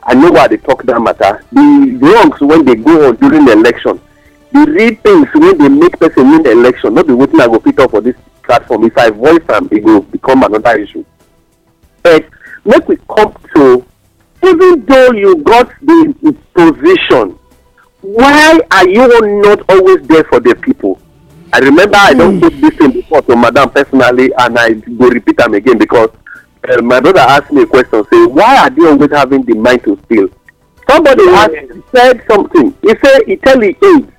i know why i dey talk that matter the wrongs wey dey go on during election the real things wey dey make person win the election no be wetin i go fit talk for this platform if i voice am e go become another issue but make we come to even though you got the position why are you not always there for the people i remember mm. i don hmm. put this thing before to madam personally and i go repeat am again because uh, my brother asked me a question say why are they always having the mind to steal somebody asked said something he say he tell the age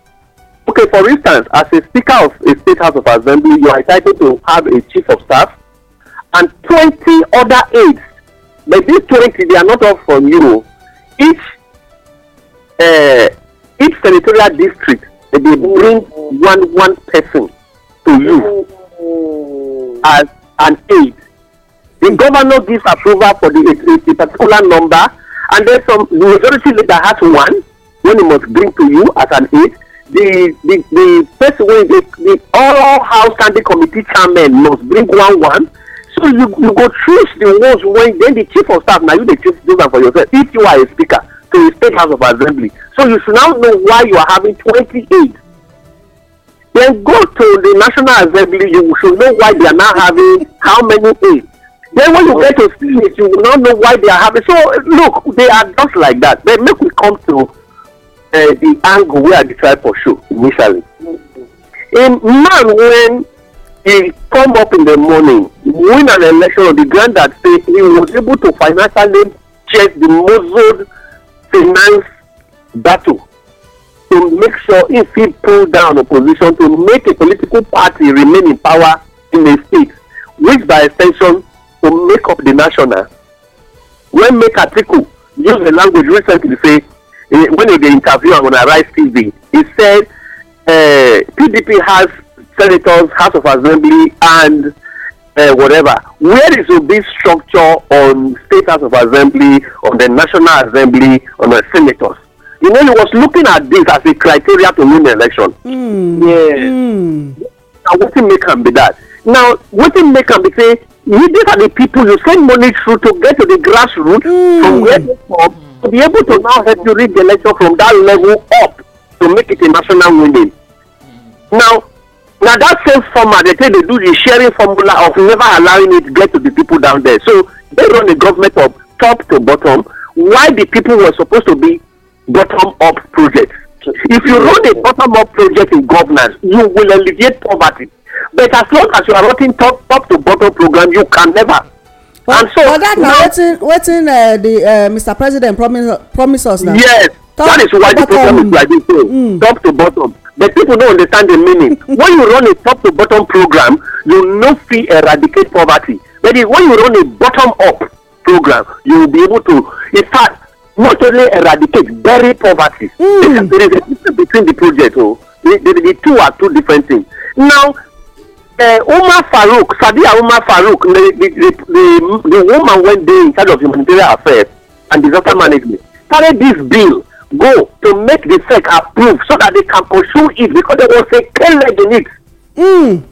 okay for instance as a speaker of a state house of assembly you are entitled to have a chief of staff and twenty other aides but these twenty they are not all from you each uh, each senatorial district they dey bring one one person to you mm. as an aide the governor gives approval for the, a particular number, and then some the majority leader has one when he must bring to you as an aid. The the the first way the, the all house standing committee chairman must bring one one. So you, you go choose the ones when then the chief of staff now you the do that for yourself if you are a speaker to the state house of assembly. So you should now know why you are having twenty eight. Then go to the national assembly you should know why they are now having how many aides Then when you oh. get to see it, you will not know why they are happy. So look, they are just like that. Then make we come to uh, the angle where I decide for sure initially. A man when he come up in the morning, win an election on the ground that say he was able to financially check the muzzled finance battle to make sure if he pull down opposition to make a political party remain in power in a state, which by extension to make up the national ah. when make atiku use the language recently say eh, when he dey interview am on arise tv he said uh, eh, pdp has senators house of assembly and uh, whatever where is obi's structure on state house of assembly on the national assembly on the senators you know he was looking at this as a criteria to win the election. Mm. yes mm. na wetin make am be that now wetin make am be say these are the people you send money through to get to the grassroots mm. from where they come to be able to now help you reach the election from that level up to make it a national winning. Now, now that same format they take they do the sharing formula of never allowing it to get to the people down there. So they run the government up top to bottom Why the people were supposed to be bottom up projects. If you run a bottom up project in governance, you will alleviate poverty but as long as you are running top top to bottom program you can never. Well, and so well, that now wetin wetin uh, the uh, mr president promise promise us now. yes top that is why the program is like this so mm. top to bottom but people no understand the meaning when you run a top to bottom program you no fit eradicate poverty but when you run a bottom up program you will be able to in fact not only eradicate bury poverty. Mm. there is a difference between the project oh, the, the the two are two different things now uh, Umar Farouk, Sadia Umar Farouk, the, the, the, the, the woman went there in charge of humanitarian affairs and disaster management, carried this bill go to make the SEC approve so that they can pursue it because there was a clear leg in it. Mm.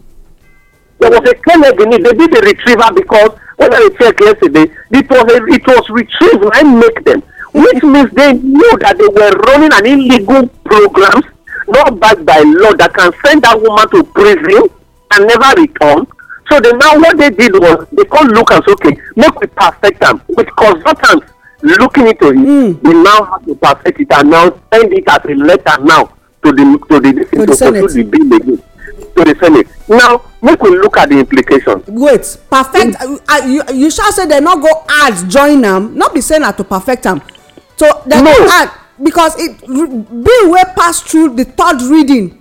There was a clear leg in it. They did a retriever because when I checked yesterday, it was, a, it was retrieved and make them, which means they knew that they were running an illegal program not backed by law that can send that woman to prison and never return so they now what they did was they called look okay make we perfect Them with consultants looking into it mm. they now have to perfect it and now send it as a letter now to the to the to, the senate. to, to the bill again to the senate now make we look at the implications. wait perfect mm. uh, you you shall say they not go add join them. Not be say na to perfect them. so they no. add because it bill wey pass through the third reading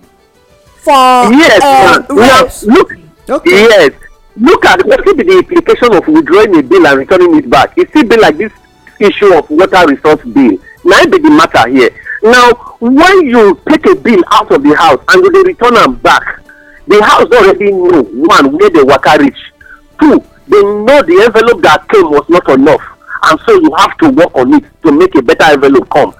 for yes, uh, uh reps. look, okay. yes, look at what could be the implication of withdrawing a bill and returning it back. It still be like this issue of water resource bill. Now be the matter here. Now, when you take a bill out of the house and you return am back, the house already know one where the waka reach, two they know the envelope that came was not enough, and so you have to work on it to make a better envelope come.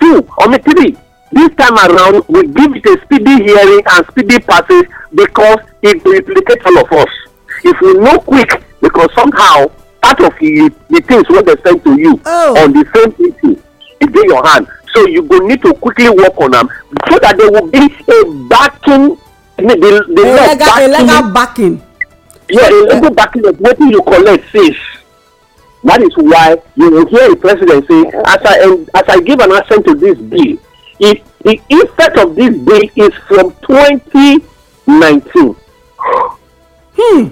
Two, or mean three, this time around we give it a speedy hearing and speedy passage because it will implicate all of us if we no quick because somehow part of the the things wey dey send to you oh. on the same issue e dey your hand so you go need to quickly work on am so that there will be a backing the the the law backing a legal backing yeah a legal backing of wetin you collect safe that is why you go hear a president say as i as i give an assent to this bill It, the effect of this bill is from 2019. Hmm.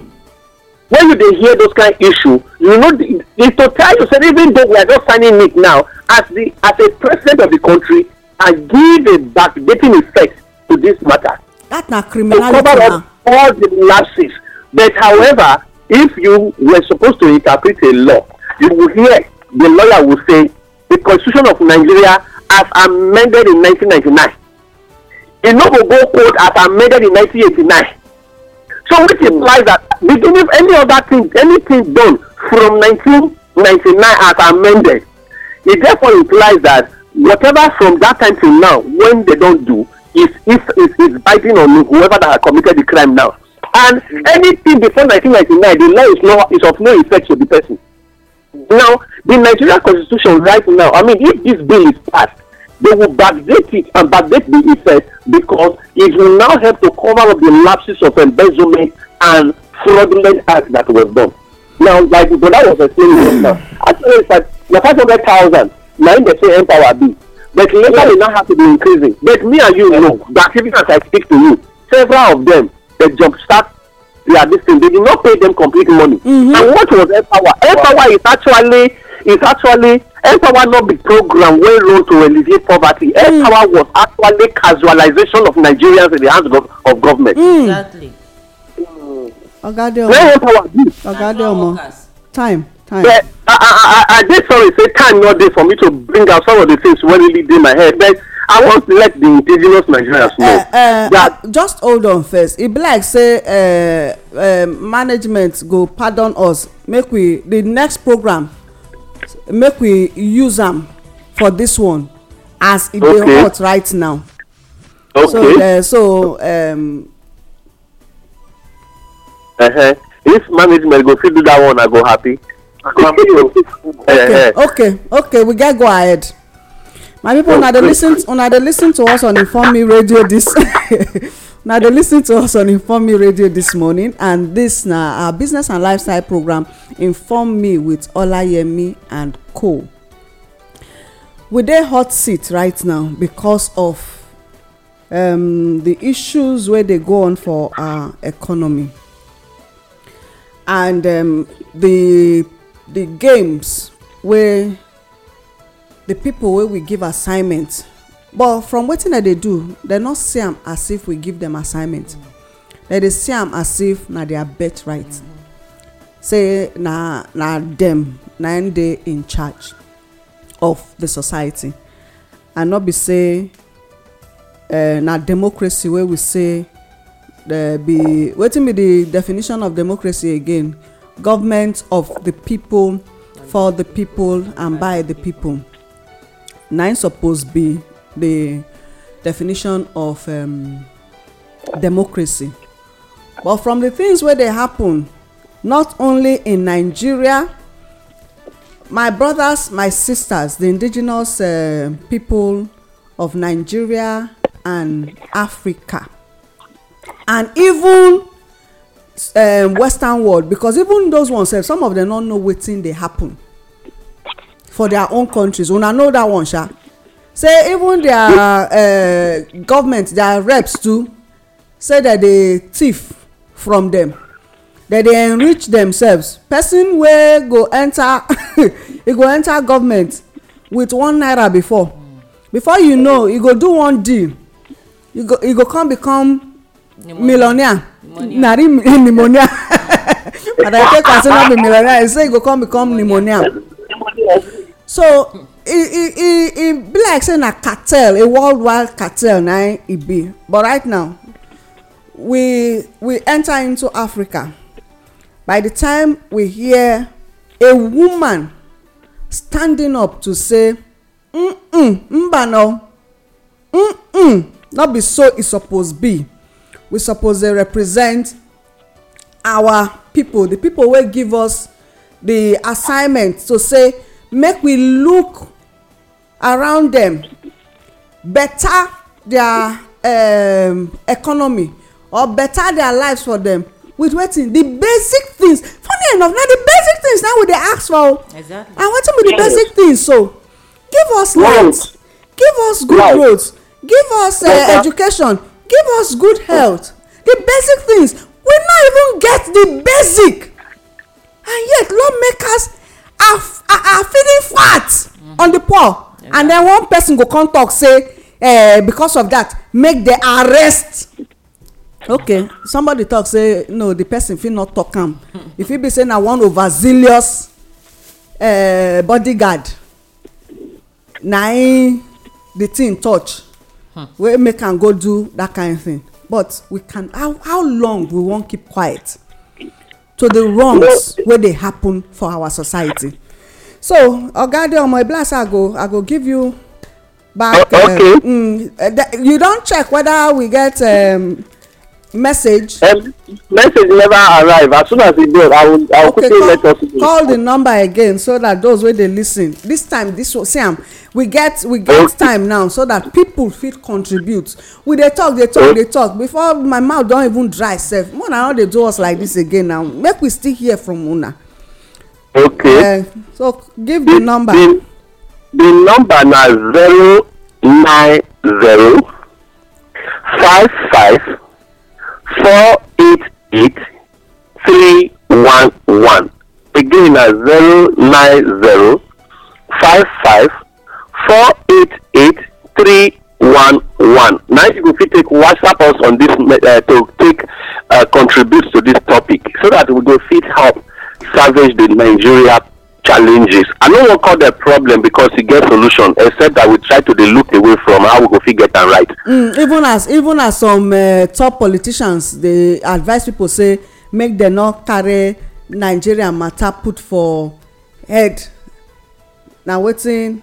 When you dey hear those kind of issue, you know the, the total you said even though we are just signing it now, as the as a president of the country, I give a backdating effect to this matter. That na criminality now. To cover up all the lapses. But however, if you were supposed to interpret a law, you will hear the lawyer will say the constitution of Nigeria as amended in 1999. It no go go court as amended in 1989. So which implies that beginning any other thing, anything done from 1999 as amended, it therefore implies that whatever from that time till now, when they don't do, is is is, is biting on whoever that has committed the crime now. And anything before 1999, the law is, no, is of no effect to the person now the Nigerian constitution right now, I mean, if this bill is passed, they will backdate it and backdate the effect because it will now help to cover up the lapses of embezzlement and fraudulent acts that were done. Now, like but that was explaining now, actually, it's like the 500,000, now in the same empower be. But later yeah. will not have to be increasing. But me and you know, the activists I speak to you, several of them, they jumpstart yeah, this thing. They did not pay them complete money. Mm-hmm. And what was Empower? Empower wow. is actually is actually Empower not the program well run to alleviate poverty. Mm. Empower was actually casualization of Nigerians in the hands of, of government. Mm. Exactly. Mm. Ogade Omo. Where Empower be? Ogade Omo. Time. Time. But I, I, I, I did sorry say time not there for me to bring out some of the things when really did my head. But i want to let the indigenous nigerians eh, know. Uh, that uh, just hold on first e be like say uh, uh, management go pardon us make we the next program make we use am for this one as e dey okay. hot right now. okay so uh, so. Um, uh -huh. if management go fit do that one i go happy. okay okay okay we get go ahead my people, una dey lis ten to us on inform me radio this. una dey lis ten to us on inform me radio this morning and this na our business and lifestyle program inform me with olayemi and co we dey hot seat right now because of um, the issues wey dey go on for our economy and um, the the games wey the people wey we give assignment but from wetin i dey do dem no see am as if we give dem assignment dem dey see am as if na their birth right say na na dem na im dey in charge of the society and no be say uh, na democracy wey we say uh, be wetin be the definition of democracy again government of the people for the people and by the people na suppose be the definition of um, democracy but from the things wey dey happen not only in nigeria my brothers my sisters the indigenous uh, people of nigeria and africa and even um, western world because even those ones sef eh, some of them no know wetin dey happen for their own countries una know that one sha say even their uh, government their reps too say that they thief from them that they enrich themselves person wey go enter e go enter government with one naira before before you know you go do one deal you go you go come become millionaire nari pneumonia but i take as say no be millionaire say you go come become pneumonia so e be like say na cartel a worldwide cartel na e be but right now we we enter into africa by the time we hear a woman standing up to say mm mm mba no mm mm," not be so e suppose be we suppose dey represent our people the people wey give us the assignment to say make we look around them, better their um, economy or better their lives for them with wetin the basic things funny enough na the basic things na we dey ask for o exactly. and wetin be the basic things so give us light give us good roads give us uh, education give us good health the basic things we no even get the basic and yet lawmakers are are feeding fat on the poor and then one person go come talk say uh, because of that make dem arrest okay somebody talk say no the person fit not talk am e fit be say na one overzealous uh, eh, bodyguard na im the thing touch hmm. wey make am go do that kind of thing but we can how how long we wan keep quiet to the wrongs wey dey happen for our society so oga adeomo eblasa i go i go give you back okay. um, eh, you don check whether we get um, message. Um, message never arrive as soon as e dey i will i will okay, quickly call, let us know. call the number again so that those wey dey lis ten this time this one see am um, we get we get okay. time now so that people fit contribute we dey talk dey talk dey talk before my mouth don even dry sef una no dey do us like this again now make we still hear from una. okay. Uh, so give the, the number. the, the number na zero nine zero five five four eight eight three one one again na uh, zero nine zero five five four eight eight three one one now you go fit take whatsapp us on this uh, to take uh, contribute to this topic so that we go fit help salvage the nigeria challenges i no wan call dem problem because e get solution except that we try to dey look away from how we go fit get am right. Mm, even as even as some uh, top politicians dey advise people say make dem no carry nigeria matter put for head na wetin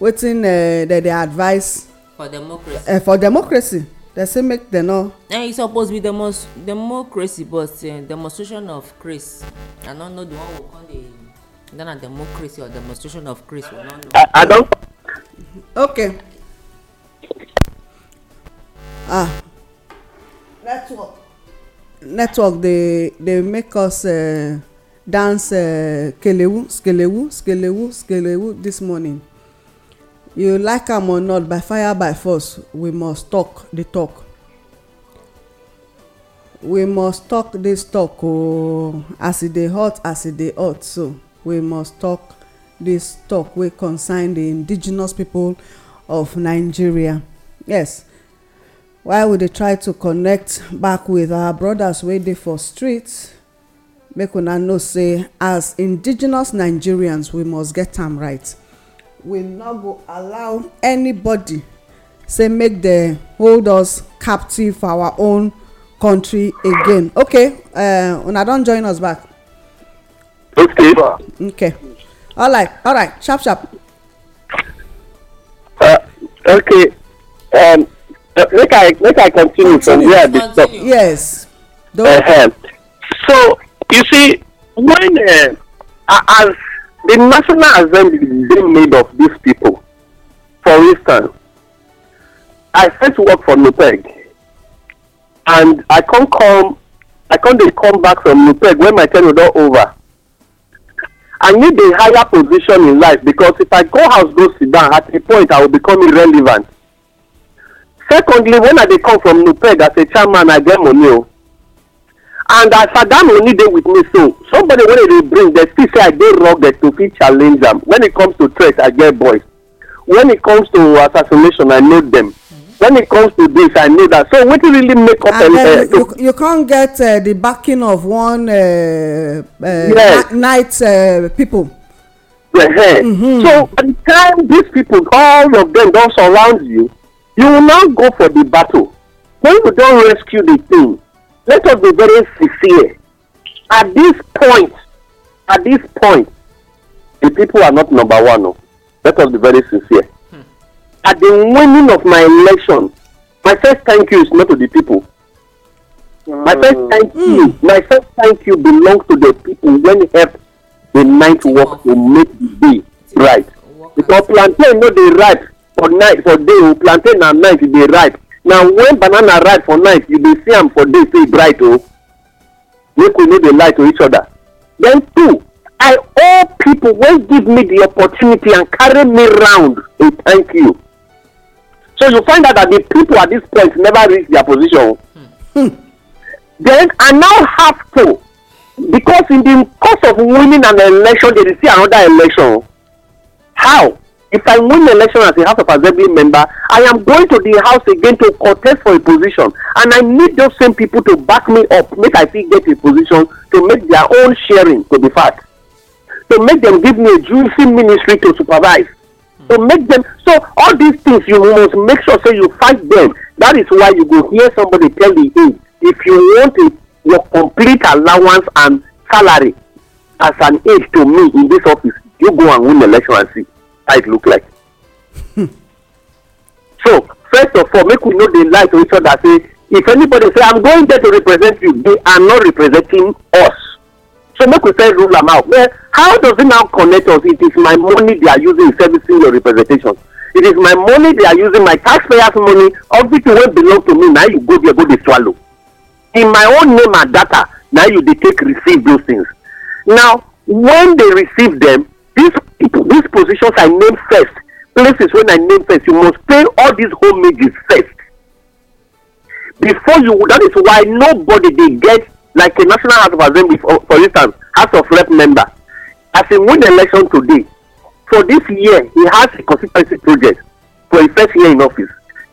wetin uh, dem dey advise. for democracy. Uh, for democracy dem say make dem no. and e suppose be demonst democracy but uh, demonstration of grace i no know the one we come dey. Then a democracy or demonstration of Christ will not know. I, I don't. Okay. Ah. Network. Network They they make us uh, dance uh, kelewu skelewu skelewu skelewu this morning. You like am or not by fire by force we must talk the talk. We must talk this talk oh, as it e dey hot as it e dey hot so we must talk this talk wey concern the indigenous people of nigeria yes while we dey try to connect back with our brothers wey dey for street make una know say as indigenous nigerians we must get am right we no go allow anybody say make dem hold us captive for our own country again okay uh, don join us back. Okay. Okay. All right. All right. Sharp, sharp. Uh, okay. Um, make I make I continue, continue. from where I stop. Yes. Uh-huh. So you see, when uh, as the national assembly is being made of these people, for instance, I first work for NUPEG, and I can't come, I can't come back from NUPEG when my tenure is over. I need a higher position in life because if I go house go sit down at a point I will become irrelevant. Secondly, when I dey come from NUPEG as a chairman I get money o oh. and as Adam Oni dey with me so somebody wey dey bring dey still say I dey rugged to fit challenge am when it comes to threat I get boys, when it comes to assassination I know them when it comes to this i know that so wetin really make up and uh, you, you con get uh, the backing of one uh, uh, yes. night uh, people. Mm -hmm. so by the time these people all of them don surround you you will now go for the battle when you don rescue the thing let us be very sincere at this point at this point the people are not number one Oh, let us be very sincere at the winning of my election my first thank you is not to the people my ah. first thank you hmm. my first thank you belong to the people when help the night work to make the day bright. because plantain no dey ripe for night for day o plantain na night e dey ripe na when banana ripe for night you dey see am for day say e bright o make we no dey lie to each other then two i owe people wey give me the opportunity and carry me round a thank you so you find out that the people at this point never reach their position hmm. then i now have to because in the course of winning an election they receive another election how if i win election as a house of assembly member i am going to the house again to contest for a position and i need those same people to back me up make i fit get a position to make their own sharing to be fact to make them give me a juicy ministry to supervise to make them so all these things you must make sure say you fight them that is why you go hear somebody tell the age if you want a, your complete allowance and salary as an age to me in this office you go and win election and see how it look like. so first of all make we no dey lie to each other say if anybody say i'm going there to represent you they are not representing us So make we first rule them out. Well, how does it now connect us? It is my money they are using servicing your representation. It is my money they are using, my taxpayers' money, everything will belong to me. Now you go there, go they swallow. In my own name and data, now you they take receive those things. Now, when they receive them, these these positions I name first, places when I name first, you must pay all these homages first. Before you, that is why nobody they get like a national house of assembly for, for instance house of rep member as he win election today for this year he has a constituency project for his first year in office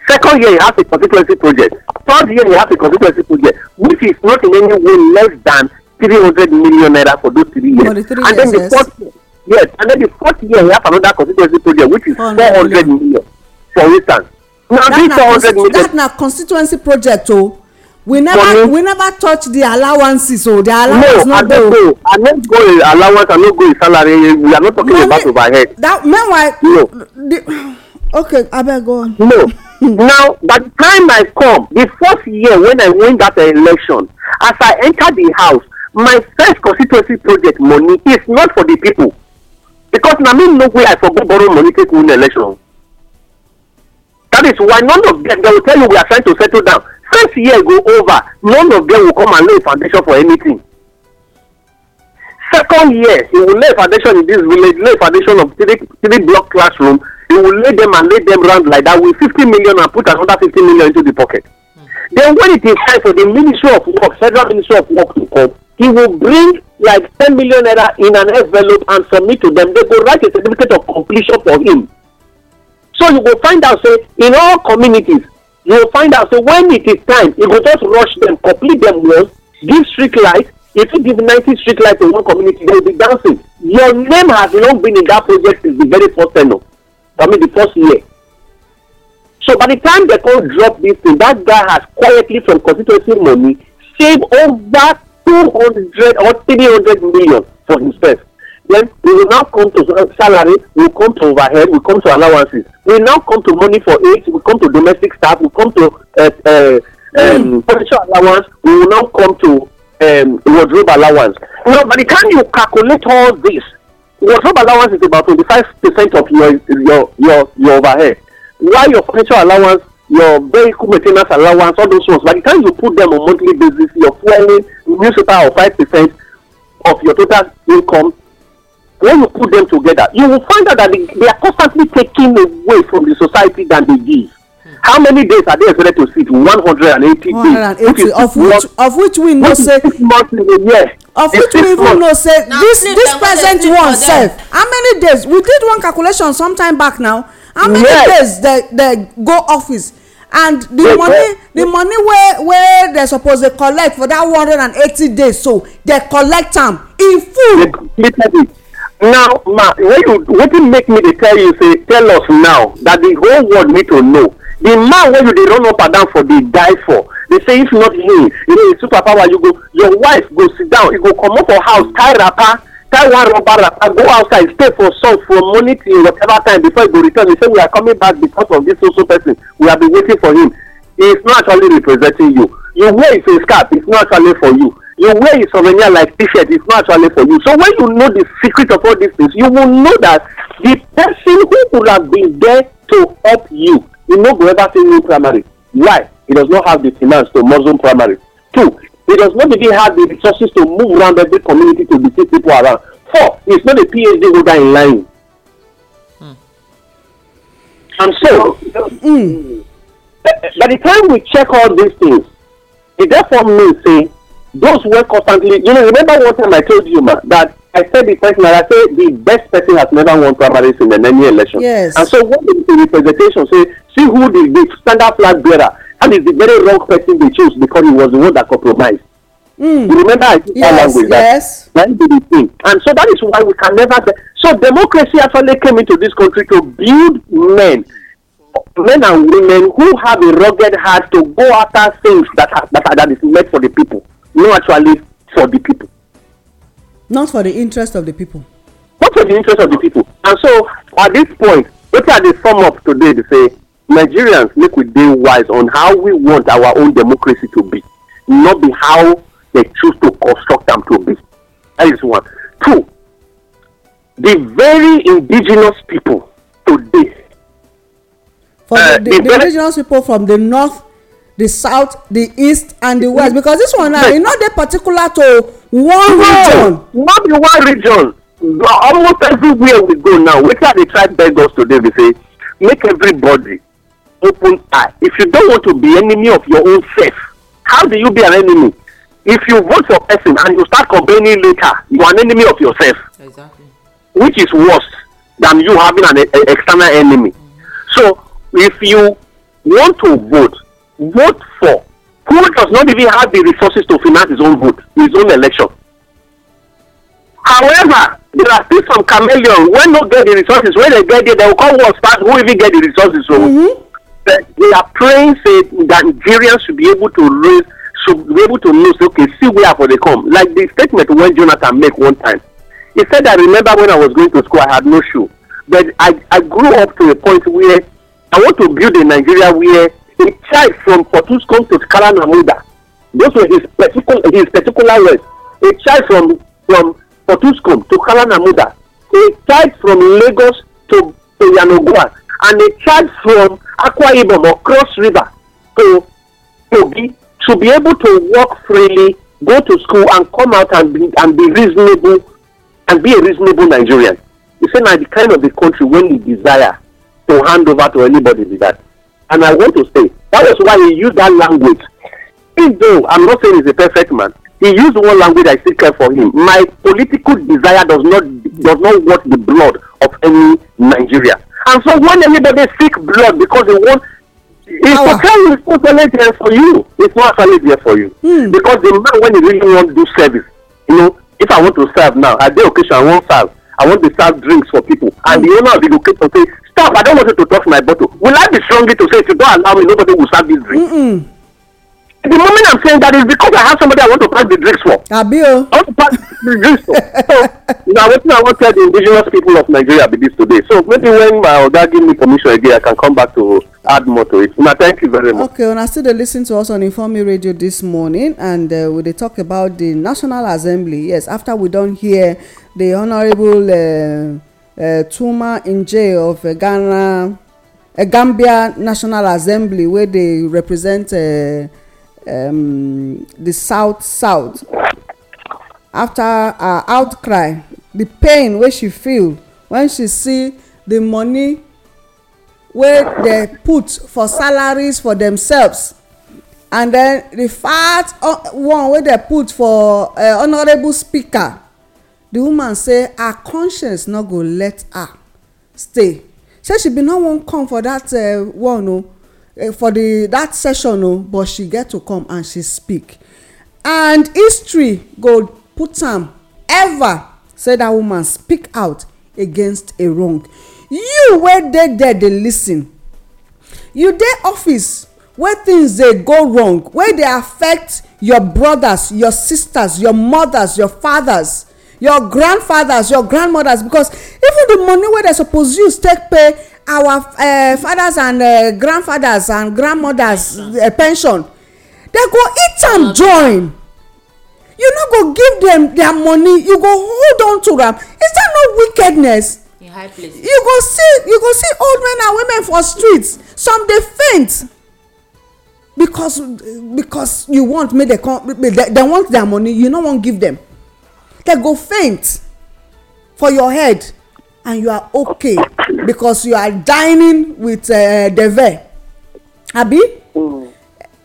second year he has a constituency project third year he has a constituency project which is not in any way less than three hundred million naira for those three years the three and years, then the yes. fourth year yes and then the fourth year he has another constituency project which is four hundred million for instance now this four hundred million that na constituency project o. Oh we never we never touch the allowances o so the allowance no dey o. no i no go i no go allowance i no go salary we are not talking Many, about overhead. that meanwhile. no the, okay abeg go on. no now by the time i come the first year when i win that election as i enter the house my first constituency project money is not for the people because na me know where i for go borrow money take win election That is why none of them, they will tell you we are trying to settle down. First year go over, none of them will come and lay foundation for anything. Second year, he will lay foundation in this village, lay foundation of three, three block classroom. He will lay them and lay them round like that with fifty million and put another fifty million into the pocket. Mm. Then when it is time for the Ministry of Work, Federal Ministry of Work to come, he will bring like ten million naira in an envelope and submit to them. They go write a certificate of completion for him so you go find out say in all communities you go find out say when it is time you go just rush them complete them well give street light if you give ninety street light to one community they will be dancing your name has long been in that project since the very first ten ure i mean the first year so by the time they come drop this thing that guy has quietly from constituency money save over two hundred or three hundred million for himself then we will now come to salary we come to overhead we come to allowances we now come to money for aids we come to domestic staff we come to uh, uh, um, mm. allowance we will now come to um, wardrobe allowance now by the time you calculate all this wardrobe allowance is about twenty-five percent of your your your your overhead while your financial allowance your vehicle maintenance allowance all those ones by the time you put them on monthly basis your fueling newspaper or five percent of your total income when you put them together you will find out that they, they are constantly taking away from the society than they give hmm. how many days are they expected to sit one hundred and eighty days which is of which of which we know say six months in a year of which we even know say now, this this present one sef how many days we did one calculation sometime back now how many yes. days dey dey go office and the yes, money yes. the money wey wey dey suppose dey collect for that one hundred and eighty days so dey collect am in full. Yes now ma when you wetin make me dey tell you say tell us now that the whole world need to know the man wey you dey run up and down for dey die for dey say if not him you know super power. you go your wife go sit down you go comot for house tie wrapper tie one rubber wrapper go outside stay for sun for morning till whatever time before you go return you say we are coming back because of this so so person we have been waiting for him he is not actually representing you you wear his scarf it's not actually for you the way you souvenir like t-shirt is not actually for you. So when you know the secret of all these things, you will know that the person who could have been there to help you, you no go ever say primary. Why? He does not have the finance to muzzle primary. Two, he does not even have the resources to move around every community to visit people around. Four, he's not a PhD holder in line. Hmm. And so, mm. by the time we check all these things, it therefore means say those who constantly, you know, remember one time I told you, ma, that I said the person, and I say the best person has never won primaries in an any election. Yes. And so what is the presentation say, see who the, the standard flag bearer, and it's the very wrong person they choose because he was the one that compromised. Mm. You remember I used yes, that language. Yes. That, that is the thing. And so that is why we can never. So democracy actually came into this country to build men men and women who have a rugged heart to go after things that are, that, are, that is meant for the people. Not actually for the people. not for the interest of the people. not for the interest of the people and so at this point wetin i dey sum up today be say nigerians make we dey wise on how we want our own democracy to be not be how they choose to construct am to be that is one two the very indigenous people today. for uh, the, the, the indigenous people from the north the south the east and the west mm. because this one now e no dey particular to one region. no be one region almost everywhere we go now wetin i dey try beg us today be say make everybody open eye if you don want to be enemy of your own self how do you be an enemy if you vote for person and you start complaining later you are an enemy of yourself exactly. which is worse than you having an e, e, external enemy mm. so if you want to vote vote for who does not even have the resources to finance his own vote, his own election. However, there are still some chameleons when not get the resources, when they get there, they will come once past who even get the resources from. Oh. Mm-hmm. They are praying say that Nigerians should be able to raise should be able to know say okay see where for they come like the statement wey jonathan make one time he said i remember when i was going to school i had no shoe but i i grew up to a point where i want to build a nigeria where he tried from Potuskum to Kalanamuda. Those were his particular his particular words. He tried from from Potuskum to Kalanamuda. He tried from Lagos to, to Yanogua, and he tried from Akwa Ibom or Cross River to Kogi to be able to walk freely, go to school, and come out and be and be reasonable and be a reasonable Nigerian. You say now the kind of the country when you desire to hand over to anybody be that and I want to stay. That was why he used that language. Even though I'm not saying he's a perfect man, he used one language I still care for him. My political desire does not does not want the blood of any Nigeria. And so when anybody seek blood because they want it's oh. totally responsibility for you. It's not actually there for you. Hmm. Because the man when he really want to do service, you know, if I want to serve now, at the occasion I want to serve. I want to serve drinks for people. And mm. the owner of the location says, Stop, I don't want you to touch my bottle. Will I be strong to say if you don't allow me, nobody will serve this drink? Mm-mm. The moment I'm saying that is because I have somebody I want to pass the drinks for. Abi o. I want to pass the drinks for. So, you know, wetin I wan tell the indigenous people of Nigeria be this today. So maybe when my oga give me permission again, I can come back to add more to it. Una thank you very much. Okay, una still dey lis ten to us on Informe Radio this morning and uh, we dey talk about the National Assembly. Yes, after we don hear the Honourable. Uh, uh, tuma nje of uh, ghana uh, gambia national assembly wey dey represent uh, um, the south south after her outcry the pain wey she feel when she see the money wey dem put for salaries for themselves and then the fat uh, one wey dem put for uh, eh, honourable speaker The woman say her conscience no go let her stay say she bin no wan come for dat eh, one o oh, eh, for the that session o oh, but she get to come and she speak and history go put am ever say that woman speak out against a wrong you wey dey there dey listen you dey office where things dey go wrong wey dey affect your brothers your sisters your mothers your fathers your grandfathers your grandmothers because even the money wey they suppose use take pay our eh, fathers and eh, grandfathers and grandmothers eh, pension they go eat am join you no go give them their money you go hold on to am is that no wickedness in high places you go see you go see old men and women for streets some dey faint because because you want make They come They want their money you no wan give them dem go faint for your head and you are okay because you are dining with uh, deve abi mm.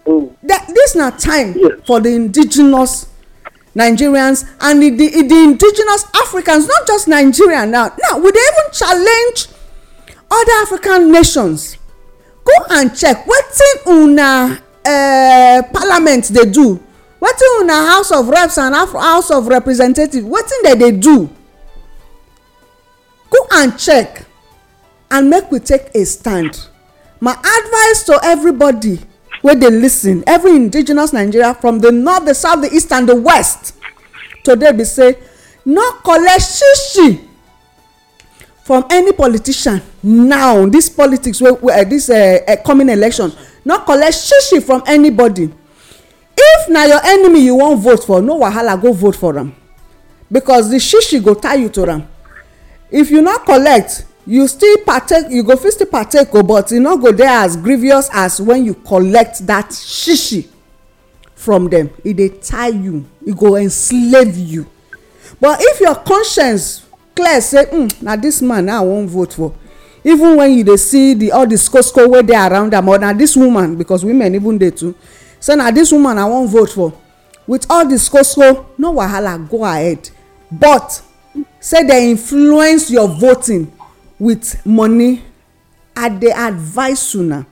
Mm. this na time yes. for the indigenous nigerians and the, the the indigenous africans not just nigeria now now we dey even challenge other african nations go and check wetin una uh, parliament dey do wetin una house of reps and house of representatives wetin dem dey do go and check and make we take a stand my advice to everybody wey dey listen every indigenous nigeria from the north the south the east and the west today be say no collect shishi from any politician now this politics wey uh, this uh, uh, coming election no collect shishi from anybody if na your enemy you wan vote for no wahala go vote for am because the shishi go tie you to am if you no collect you still partake you go fit still partake o oh, but e no go dey as grievous as when you collect that shishi from them. e dey tie you e go enslave you but if your conscience clear say mm, na this man i wan vote for even when you dey see the all the skosko wey dey around am or na this woman because women even dey too say na this woman i wan vote for with all dis koso no wahala go ahead but say dey influence your voting with money i dey advise una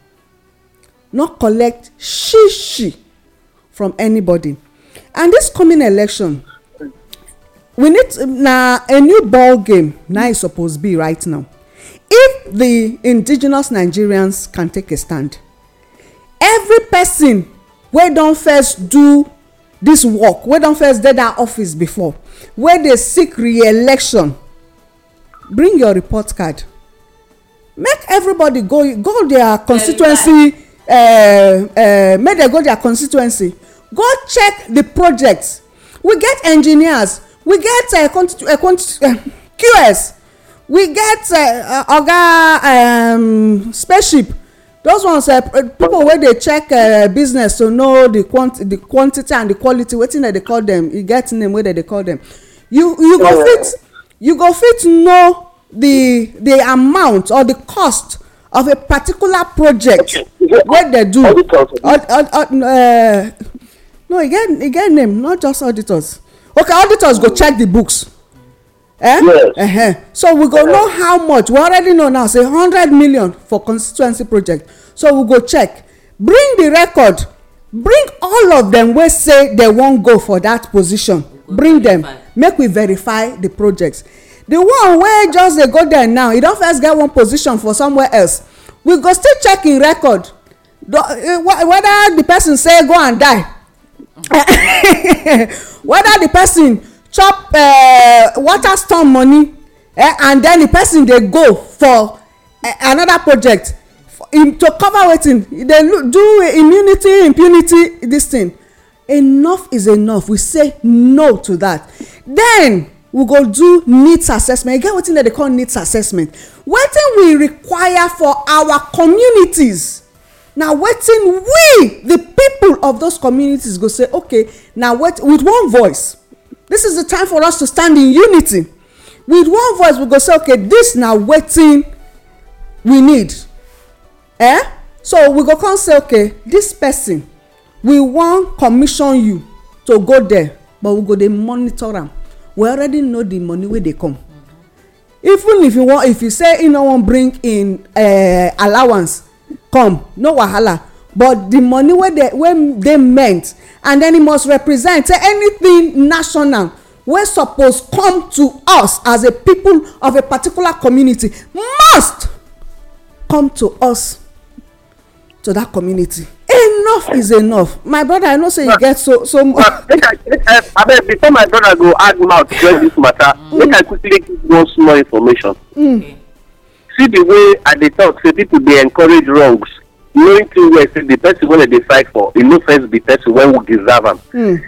no collect shishi from anybody and this coming election we need na a new ball game na e suppose be right now if the indigenous nigerians can take a stand every person wey don first do dis work wey don first dey dat office before wey dey seek re-election bring your report card make everybody go go their constituency eh, eh, make dem go their constituency go check the project we get engineers we get eh, qs we get oga um, spaceship those ones uh, people wey dey check uh, business to know the quantity the quantity and the quality wetin dem dey call them, e get name wey dem dey call them. you you go fit you go fit know the the amount or the cost of a particular project wey dem do aud aud aud uh, no e get e get name not just auditors okay auditors go mm. check the books Eh? Yes. Uh -huh. So we go know how much. We already know now, say hundred million for constituency project. So we go check. Bring the record. Bring all of them wey say they wan go for that position. Bring them. Make we verify the projects. The one wey just dey go there now, e don first get one position for somewhere else. We go still check im record. Eh, whether the person say go and die. whether the person chop uh, water storm money eh, and then the person dey go for uh, another project im to cover wetin dey do immunity impunity this thing enough is enough we say no to that then we go do needs assessment e get wetin dem dey call needs assessment wetin we require for our communities na wetin we the people of those communities go say okay na with one voice this is the time for us to stand in unity with one voice we go say okay this na wetin we need eh so we go come say okay this person we wan commission you to go there but we go dey monitor am we already know the money wey dey come even if you wan if you say you e no wan bring in uh, allowance come no wahala but the money wey dey meant and then e must represent say anything national wey suppose come to us as a people of a particular community must come to us to that community enough is enough my brother i know say you get so so much. abeg before my brother go add mouth join this matter mm. make i quickly give one small information mm. see the way i dey talk say people dey encourage wrongs knowing too well say the person wey dem dey fight for e no first be person wey we deserve am. Mm.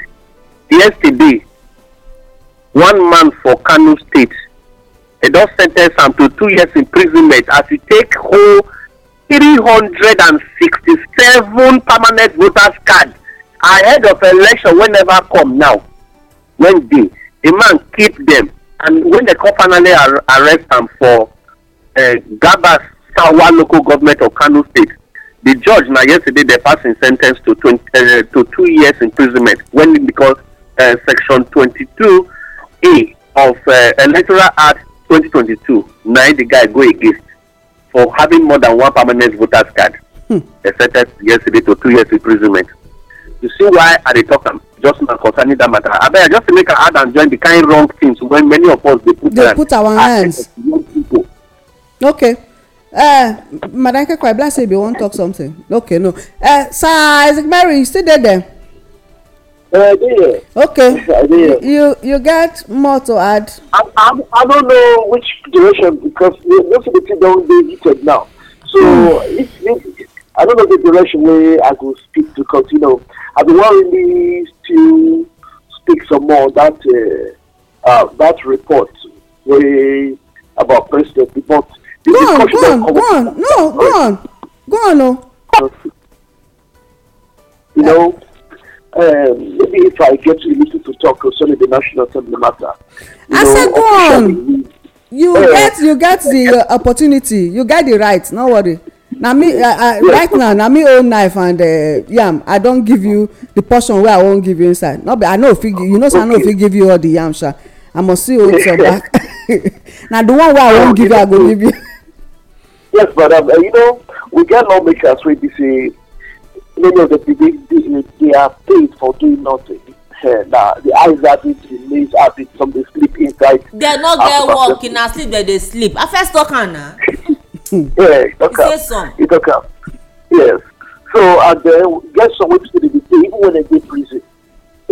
yesterday one man for kano state dem don sen ten ce am to two years imprisonment as e take hold three hundred and sixty-seven permanent voters card ahead of election wey never come now wen dey the man keep dem and wen dem come finally ar arrest am for uh, gabas sawa local government of kano state the judge na yesterday dey pass im sen ten ce to twenty uh, eh, to two years imprisonment when because uh, eh, section twenty-two a of uh, electoral act twenty twenty-two na the guy go against for having more than one permanent voter card hmm. dey sen ten ced yesterday to two years imprisonment you see why i dey talk am just na concerning that matter abeg i just make i add and join the kind wrong things wey many of us dey put, put our hands. okay. Uh, madam kekwa be like say you wan talk something okay no uh, sir isaac mary you still dey there. Uh, yeah. okay you you get more to add. I, I, I don't know which direction because most of the thing don dey heated now so mm. if, if I don't know the direction wey I go speak because you know I be wan really still speak some more that uh, uh, that report wey about president but go on, go on, go oh. on, no, go on, go on, no. You know, um, maybe if I get you little to talk concerning the National Assembly matter. I said go on. You uh, get you get the uh, opportunity, you get the right, no worry. Now me uh, uh, right now now me own knife and uh, yam i don't give you the portion where i won't give you inside no but i know if you you know say i if you give you all the yam sir, i must see old some back Now the one where i wan give you i go give you. Yes, but um, you know, we get lawmakers with this. Uh, many of the people they, they, are paid for doing nothing. Uh, nah, the eyes are big, the knees are big, some they sleep inside. They no get work in a sleep, they, they sleep. I first talk on now. yeah, talk you say some. You talk up. Yes. So, and then get some ways to the day, even when they get prison,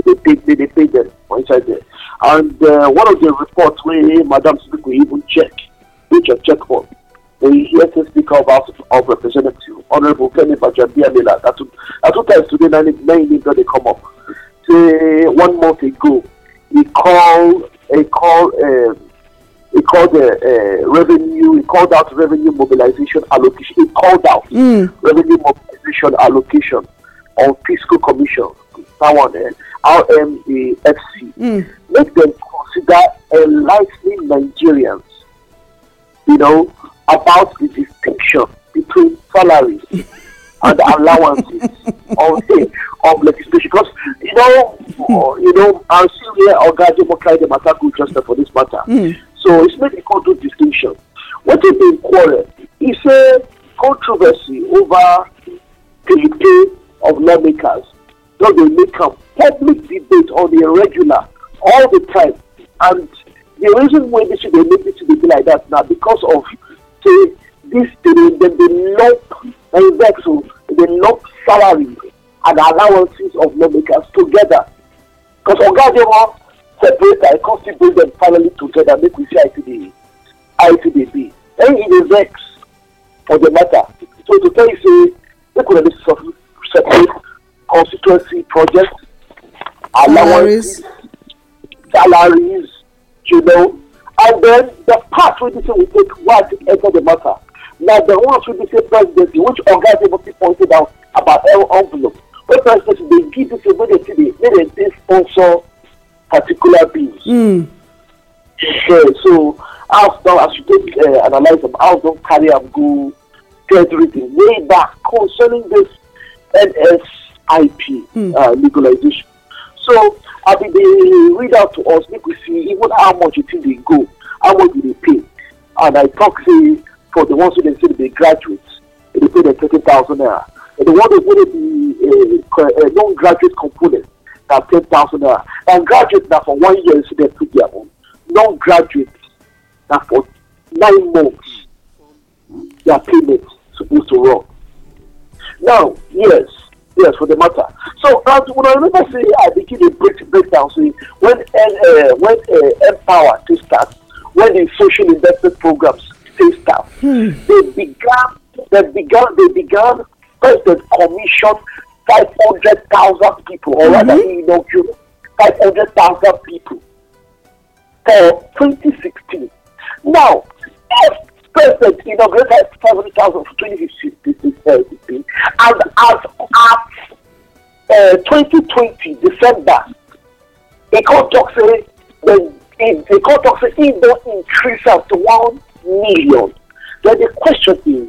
they pay, they, they pay them for inside there. And uh, one of the reports where Madam Sibiku even check, which I check for, we hear to speak on behalf of Representative Honorable Kenny Bajambia Mela. That two, times today, nine, nine names they come up. Say one month ago, he called, he called, uh, he called the uh, revenue, he called out revenue mobilization allocation, he called out mm. revenue mobilization allocation on fiscal commission, that one, eh, RMAFC. Mm. Make them consider enlightening Nigerians, you know, about the distinction between salaries and allowances of, of legislation. Because, you know, or, you know, and Sylvia Ogademokai kind Mataku just for this matter. Mm. So it's not a cultural distinction. What is being quarrel is a controversy over the pay of lawmakers. So they make a public debate on the irregular all the time. And the reason why they should be able to be like that now because of say dis thing dem dey lump and dey lump salary and allowances of lawmakers together because oga dey separate i come still bring dem finally together make we see how e dey how e dey be then e dey vex for the matter so to tell you say make una dey separate constituency projects allowances salaries you know and then the part wey be say we take why to enter the matter na the ones wey be say presidency which oga dey pointed out about envelope wey presidency dey give people wey dey see dey make dem sponsor particular bills. Mm. Yeah, so house don as you take uh, analyse am house don carry am go get reading way back concerning this nsip mm. uh, legalization so i bin dey read out to us make we see even how much the thing dey go how much we dey pay and i talk say for the ones wey dem say dey graduate dem dey pay dem thirty thousand naira and the ones wey dey be non graduate component na ten thousand naira and graduate na for one year you see dem put their own non graduate na for nine months their payment suppose to run now yes yes, for the matter. So as when I remember saying I begin a break breakdown, see when uh, uh, when uh, empower to start, when the social investment programs to start, hmm. they began they began they began first they commissioned five hundred thousand people, or rather mm-hmm. know five hundred thousand people for 2016. Now, if president inaugurated 7,000 for 2015 and as at uh, 2020 December, the court talks say the the court say it don't increase up to one million. Then the question is,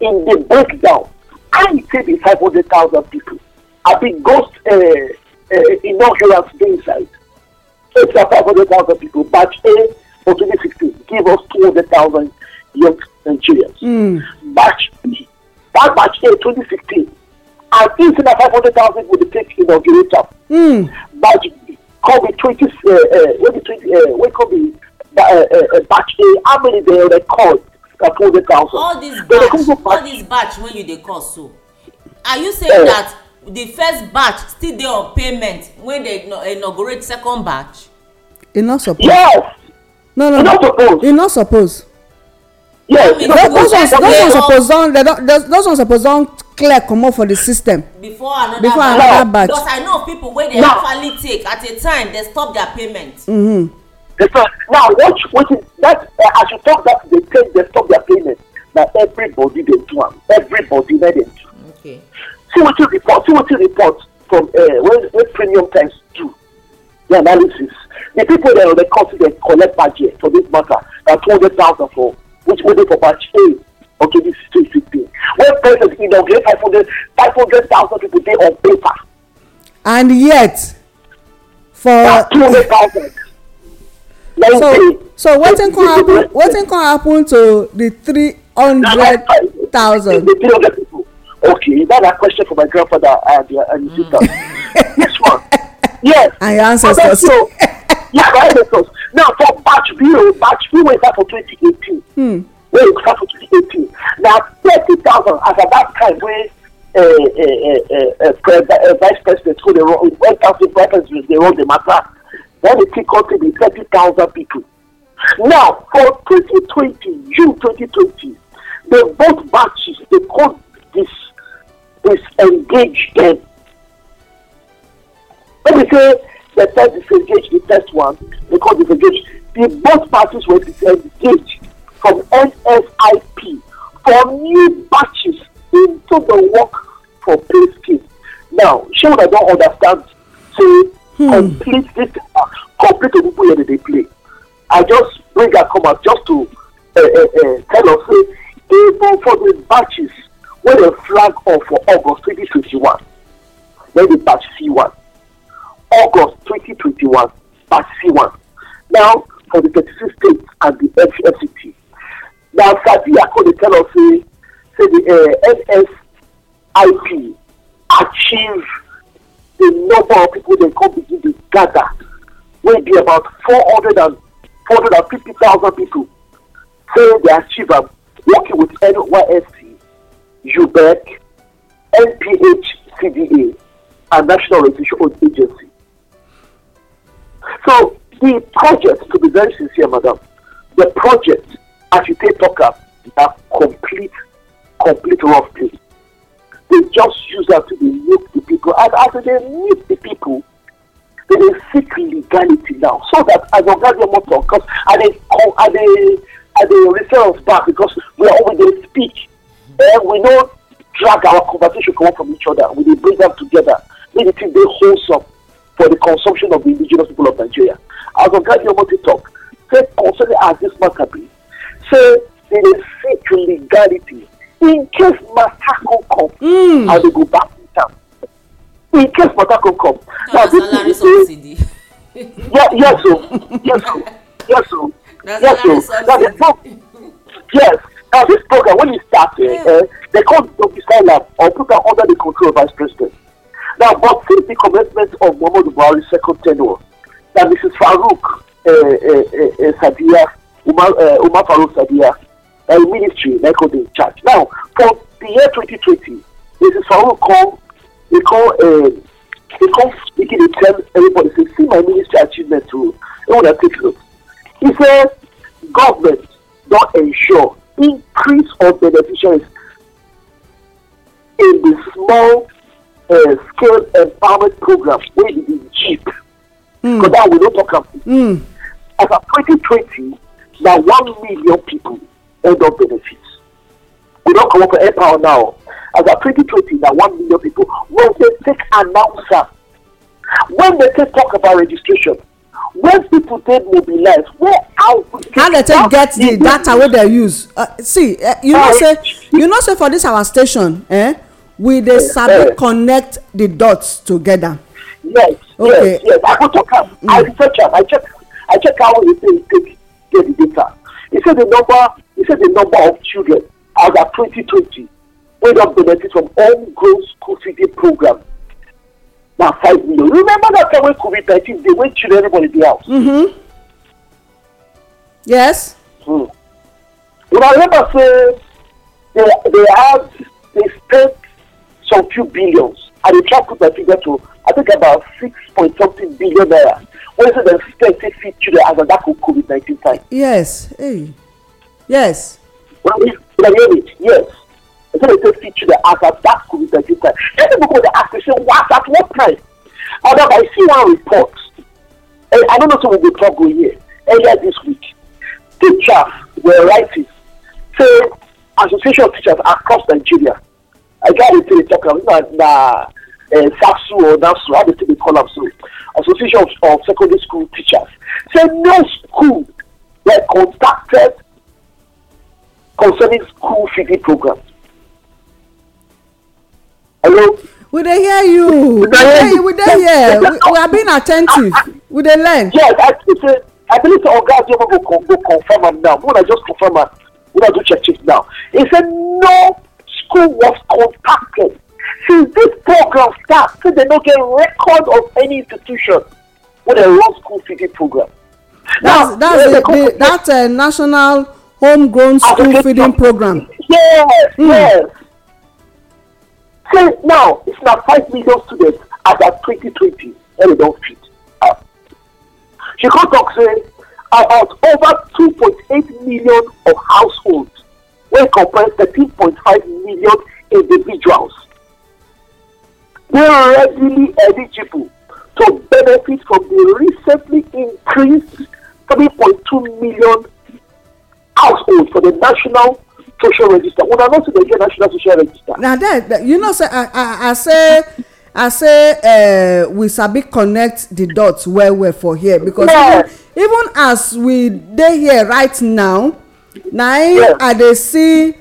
in the breakdown, I take the 500,000 people. I think ghost uh, uh, inaugurals day inside. It's 500,000 people, batch A, for 2016 gave us 200,000 young Nigerians. Mm. B, that batch 8, 2016, and each of 500,000 would take inaugurator. Mm. March, could be 20, uh, uh, 20, uh, we call be uh, uh, batch A, how many they record that 200,000? All this batch, all this batch when you they call so. Are you saying uh, that the first batch still dey on payment when they inaugurate second batch. Enough support. yes no no you no suppose yes those ones suppose don those ones suppose don clear comot for the system before another batch because i know people wey dey actually take at a time dey stop their payment -hmm. now what wetin that uh, as you talk that dey take dey stop their payment na everybody dey do am everybody na dey do see wetin report see wetin report from uh, wey premium times do the analysis. The people that were confident collect budget for this matter, two hundred thousand for, which will be for batch A. Okay, this is 250. When president inaugurate hundred thousand people day on paper. And yet, for. two hundred thousand. so so wetin come happen wetin come happen to the three hundred thousand. the three hundred people okay that na question for my grandfather and his sister. this one yes and your ancestors so yeah my ancestors now for batch b o oh, batch b wey start for twenty eighteen hmm. wey start for twenty eighteen na thirty thousand as at that time wey uh, eh, eh, eh, vice president who dey run when council vice president dey run the matter when the thing come to be thirty thousand people now for twenty twenty june twenty twenty the both batches dey come dis engage dem no be say dem try disengage the first one dem come disengage the both parties were disengaged from nsip for new batches into the work for pay scheme now shey una don understand say hmm. complete this uh, complete ogbugbu here dey dey play i just bring am come out just to uh, uh, uh, tell us say even for the batches wey dem flag off for august twenty twenty one then the batch c one August 2021 by C1. Now, for the 36 states and the FCT. Now, Sadi Akode tell us, say, say the uh, NSIP achieve the number of people they come begin to gather will be about 400 and 450,000 people. Say they achieve am working with NYSC, UBEC, NPH, CDA, and National Registration Agency. So the project, to be very sincere, madam, the project, as you take talk up, are complete, complete rough play. They just use that to meet the people. And after they meet the people, they dey seek legality now so that as oga jomoto because i dey come and they, and they refer us back because we are always dey speak and we no drag our conversation come from each other we bring them together maybe they hold some for the consumption of the indigenous people of Nigeria. As Ogadi Omote talk, say concerning as this matter be, say they dey seek legality in case matter come come mm. and they go back in town. In case matter come come. Now this is yeah, yes, so, yes, so, yes, so, yes, so. Now the problem, yes. Now this program when it started, yeah. Hmm. eh? they called Dr. Silab or put her under the control of Vice President. Now, but since the commencement of Muhammadu Buhari's second tenure, that Mrs. Farouk uh, uh, uh, uh, Sadia, Umar, uh, Umar Farouk Sadia, uh, ministry, Michael in charge. Now, for the year 2020, Mrs. Farouk called, he called, uh, he called, he can tell everybody, say, see my ministry achievement too. to, everyone take note. He said, government don't ensure increase of beneficiaries in the small uh, skill empowerment program wey e dey cheap hmm. because that we no talk am. Mm. as of twenty twenty na one million people end up benefit we don comot for empower now as of twenty twenty na one million people wey dey take announce am when they take talk about registration when people take mobilize where how we how they take get the data wey they use uh, see uh, you know say you know say for this our station eh we dey eh, sabi eh. connect the dots together. yes okay. yes yes i go talk am mm. i research am i check i check how he take take get the data he say the number he say the number of children as at twenty twenty wey don benefit from homegrown school feeding program na five million remember that time when covid nineteen dey when children everybody dey house. Mm -hmm. yes. Hmm. remember say they they had they spent some few billions. I dey try put my figure to I think about six point something billion naira. Wey say dem spend take feed children as at that COVID nineteen time. Yes. Hey. Yes. Una hear it, Yes. Dem say dem take feed children as at that COVID nineteen time. Then people go dey ask me say what at what price? Although I see one report, and I don't know say we go talk go here earlier this week. Teachers were writing say association of teachers across Nigeria I got it to talk about that uh, eh, SASU or NASU, how they they call up so Association of, of Secondary School Teachers. Say no school were contacted concerning school feeding programs. Hello? We dey hear you. We dey hear. We We, are being attentive. We dey learn. Yes, I think say eh, I believe say oga Adeoma go confirm am now. Una just confirm am. Una do check check now. He said no who was contacted. Since this program starts, so they don't get record of any institution with a low school feeding program. That's, now, that's the, the, the, national homegrown school feeding program. Yes, mm. yes. So now it's now five million students at that 2020 and they don't feed. Uh, she can about over 2.8 million of households wey comprise 13.5 million individuals. They are readily eligible to benefit from the recently increased 3.2 million households for the national social register una no see the get national social register. na there you know say i i, I say i say uh, we sabi connect the dots well well for here because yes. even, even as we dey here right now na i dey see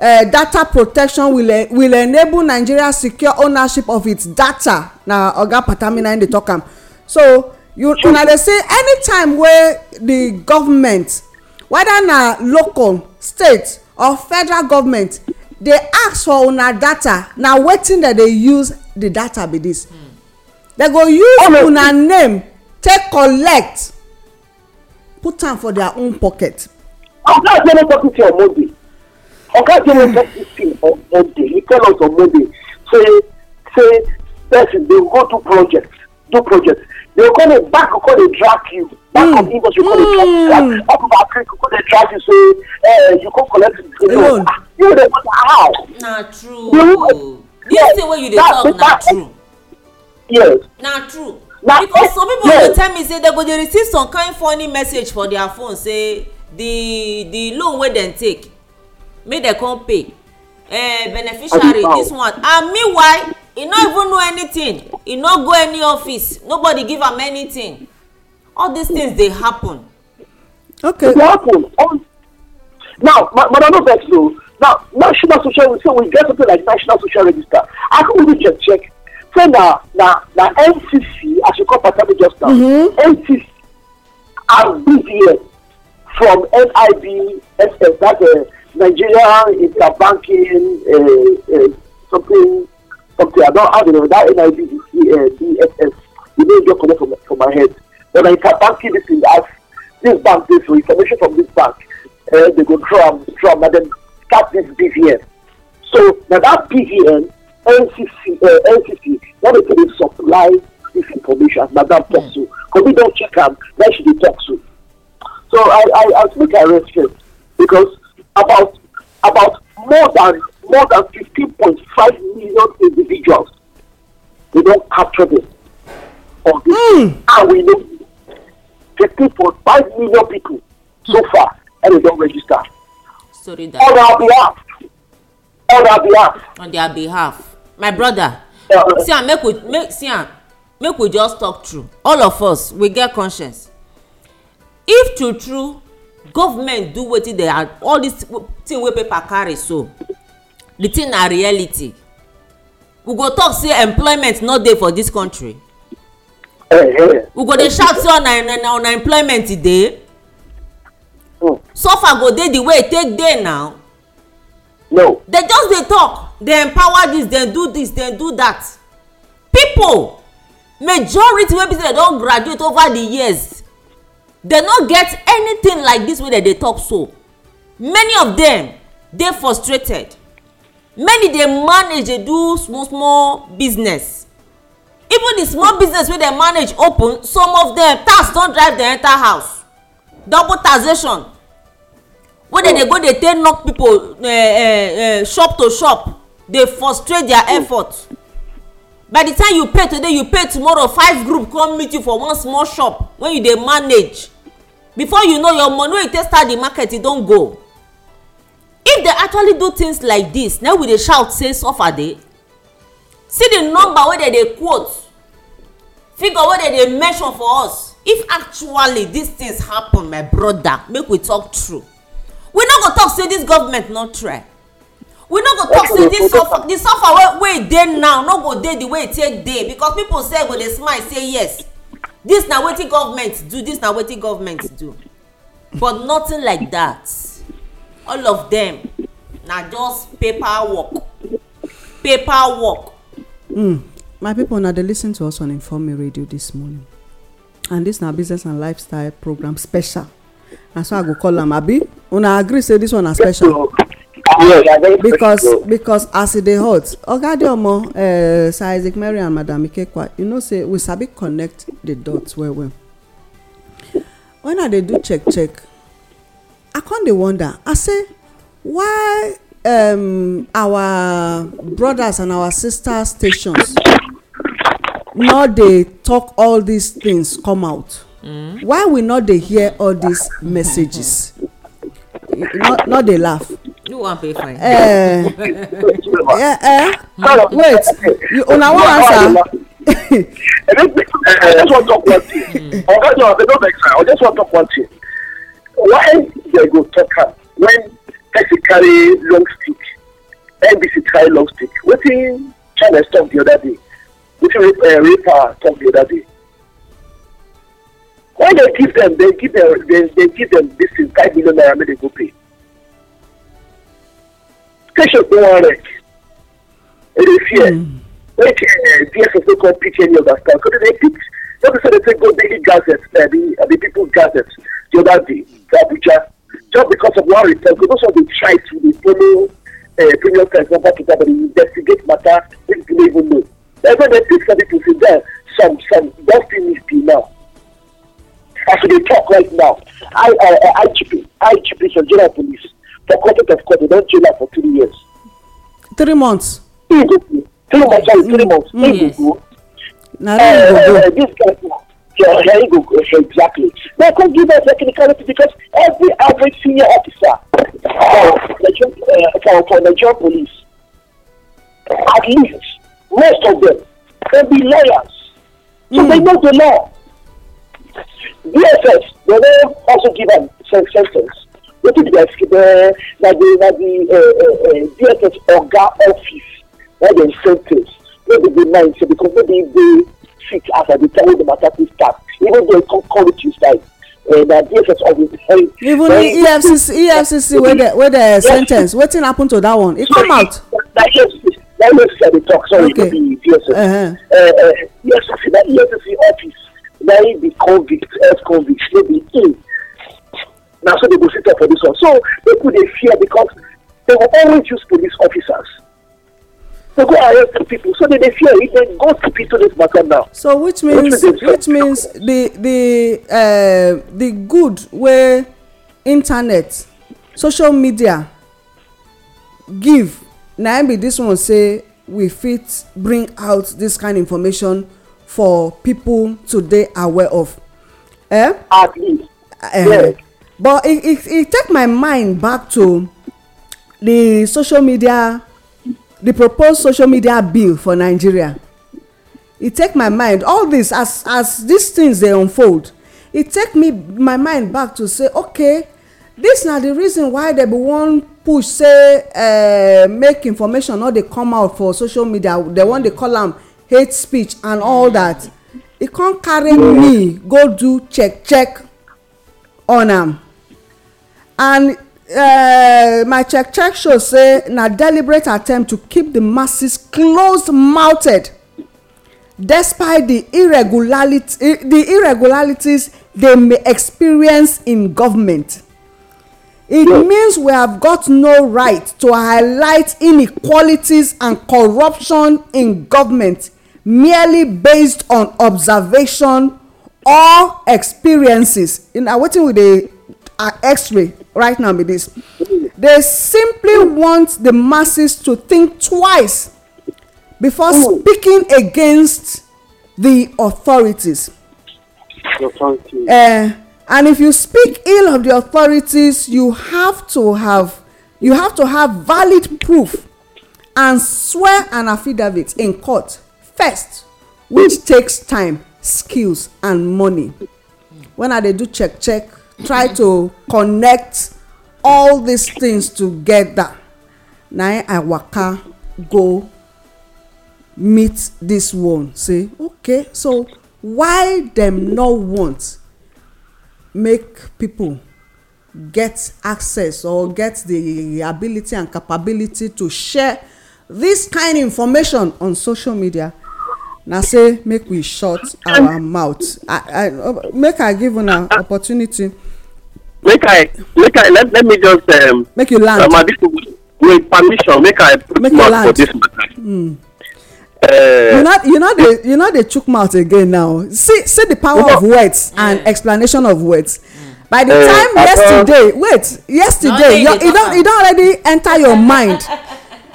data protection will e, will enable nigeria secure ownership of its data na oga patamina im dey talk am so una dey say anytime wey di government whether na local state or federal government dey ask for una data na wetin dem dey use di data be dis hmm. dem go use una name take collect put am for their own pocket ọ̀gá àti ẹni talking to your mode ọ̀gá àti ẹni talking to your mode he tell us on monday say say person dey go do project do project they call dey back go dey drag you back hmm. of industry go dey drag you drag hmm. of africa go dey drag you say eh, you go collect the loan ah, you dey wonder how. na true this thing wey you dey talk na true. yes na true. Na, because some people yes. go tell me say dem go dey receive some kind funny message for their phone say the the loan wey dem take make dem come pay uh, beneficiary this one and meanwhile e no even know anything e no go any office nobody give am anything all these things dey happen. okay. e dey happen um, now madam no vex o now national social so we get something like national social register i come really check check say na na na ncc as you call patami just now mm -hmm. ncc and bdn from NIB, that Nigeria Interbanking uh, uh, something, something. I don't, have it know that NIB uh, DSS. You know, just coming from from my head. when I can bank this thing ask this bank this for information from this bank. Uh, they go drum, drum, and then start this BVN. So now that BVN, NCC, uh, NCC, now they supply this information as Madam mm. talks to. Because we don't check them, then she talks to. So I, I, I make a because about about more than more than fifteen point five million individuals we don't capture this on this mm. and ah, we know 15.5 million people so hmm. far and they don't register Sorry, that. on our behalf on our behalf on their behalf my brother uh, see am ah, make we make see am ah, make we just talk true all of us we get conscience if true true government do wetin dey all this thing wey paper carry so the thing na reality we go talk say employment no dey for this country we go dey shout say una una una employment e dey suffer go dey the way e take dey now no they just dey talk dey empower this dem do this dem do that people majority wey be say dem don graduate over the years dem no get anything like this wey dem dey talk so many of dem dey frustrated many dey manage dey do small small business even the small business wey dem manage open some of dem tax don drive dem enter house double taxation wey dem dey go dey take knock people uh, uh, uh, shop to shop dey frustrate their effort by the time you pay today you pay tomorrow five group come meet you for one small shop when you dey manage before you know your money wey you take start the market e don go if dem actually do things like this na we dey shout say suffer dey see the number wey dem dey quote figure wey dem dey mention for us if actually these things happen my brother make we talk true we no go talk say this government no try we no go talk say this suffer the suffer wey wey dey now no go dey the way e take dey because people say go dey smile say yes this na wetin government do this na wetin government do but nothing like that all of them na just paper work paper work. Mm. my people una dey lis ten to us on informe radio this morning and this na business and lifestyle program special na so i go call am abi una agree say this one na special because because as e dey hot oga adeomo eh, sir isaac mary and madam ikekwa you know say we sabi connect the dots well well when i dey do check check i come dey wonder i say why um, our brothers and our sister stations no dey talk all these things come out mm. why we no dey hear all these messages no no dey laugh do one pay fine. Uh, yeah, uh, hmm. wait una oh, wan answer. I eh, eh, eh, just want to talk one thing. Oga John, I don't make sense. I just want to talk one thing. Why they go talk am when person carry long stick, NBC carry long stick? Wetin China talk the other day? Wetin uh, Raper talk the other day? Why they give them, they give them, they, give them this thing, five million naira, make they go pay kesho kumware it is here hmm. make uh, eh, dss no come pick any other style so they dey pick no be say they take go daily gazette eh, na the eh, the people gazette the other day for abuja just because of one report because of the try to dey follow uh, premium price number to but they investigate matter wey people no even know then when they pick some to say there some some don still miss the now as we dey talk right now i i uh, igp igp some general police for contempt of court, they don't jail her for three years. Three months. He go Three months, sorry, three mm, months. Mm, he yes. go go. Eh, this guy go. Yeah, here you go go. Exactly. Now come give us technicality because every average senior officer for Nigerian uh, for, for Nigerian police, at least most of them, they be lawyers. So mm. they know the law. DSS, they will also give a sentence wetin be their skill na na the na the uh, uh, uh, dss oga office na dem send things wey dey dey mind say because no dey dey sick as i dey tell you the matter fit start even though e come come reach you side na dss office help. even the efcc efcc wey dey wey dey sen ten ce wetin happen to that one e come out. na efcc na efcc i dey talk sorry okay. no be dss. Uh-huh. Uh -huh. uh, efcc na efcc office na him be convict ex convict no be him Now, so they go sit up for this one. So people they fear because they will always use police officers. They go arrest the people, so they, they fear it. They go to people this matter now. So which means which, which means the the uh, the good where internet, social media give na be this one say we fit bring out this kind of information for people to dey aware of. Eh? at least. Uh, eh, yes but it it it take my mind back to the social media the proposed social media bill for nigeria e take my mind all this as as these things dey unfold e take me my mind back to say okay this na the reason why dem be wan push say uh, make information no dey come out for social media dem wan dey call am hate speech and all that e come carry me go do check check on am and uh, my check check show say na deliberate attempt to keep the masses closed mouthed despite the irregularities the irregularities they may experience in government it means we have got no right to highlight inequalities and corruption in government merely based on observation or experiences na wetin we dey x-ray right now be this they simply want the masses to think twice before hmm. speaking against the authorities uh, and if you speak ill of the authorities you have to have you have to have valid proof and swear an affidavit in court first which takes time skills and money when i dey do check check try to connect all these things together na i waka go meet this one say okay so why dem no want make people get access or get the ability and capability to share this kind information on social media na say make we shut our mouth i i make i give una opportunity make i make i let let me just um, make you land my people with permission make i put make mouth for this matter mm. uh, you not you not dey you not dey chook mouth again now see see the power of words and explanation of words by the uh, time yesterday wait yesterday no, your, e don e don already enter your mind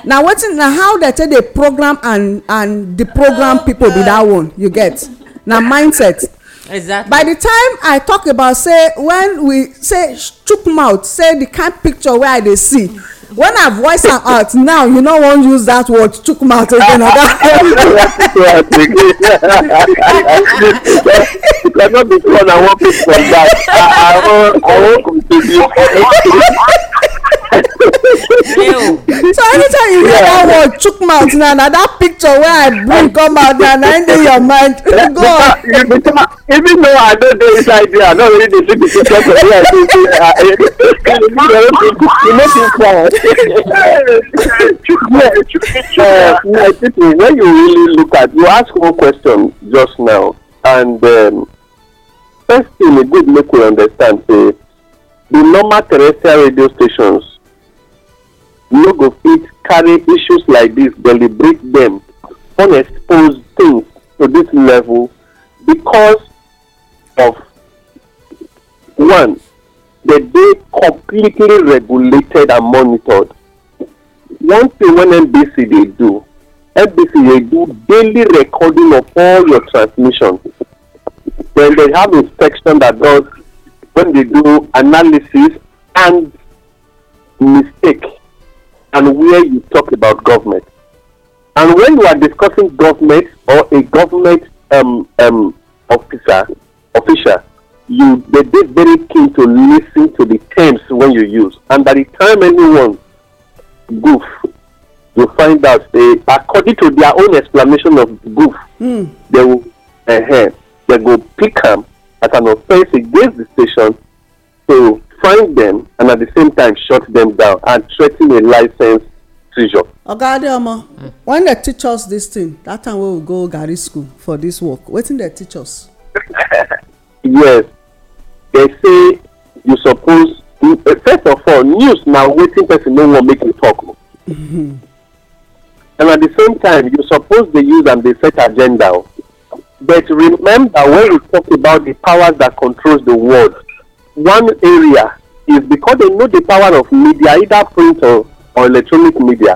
na wetin na how dem take dey program and and the program people be that one you get na mindset exactly by the time i talk about say when we say chook mouth say the kind picture wey i dey see when i voice am out now you no wan use that word chook mouth again na that i wan continue so anytime you hear that word chook mouth na na that picture wey i bring come out na na im dey your mind go on. even though i no dey inside there i no really dey see the picture for there i see you make me cry. chook mouth chook mouth. my people when you really look at you ask one question just now and um, first thing e good make we understand say the normal terrestrial radio stations no go fit carry issues like dis deliberate dem unexposed things to this level because of one they dey completely regulated and monitored one thing when nbc dey do nbc dey do daily recording of all your transmissions then they have inspection that does when they do analysis and mistake and where you talk about government. And when you are discussing government or a government um, um, officer, official, you they be very keen to listen to the terms when you use. And by the time anyone goof, you find out they, according to their own explanation of goof, mm. they will uh, they go pick him as an offense against the station. So find them and at the same time shut them down and threaten a license seizure. oga adeomo when dem teach us dis thing that time wey we go garri school for dis work wetin dem teach us. yes dem say you suppose first of all news na wetin person no wan make you talk. Mm-hmm. and at the same time you suppose dey use am dey set agenda but remember when we talk about the powers that controls the world one area is because they know the power of media, either print or, or electronic media,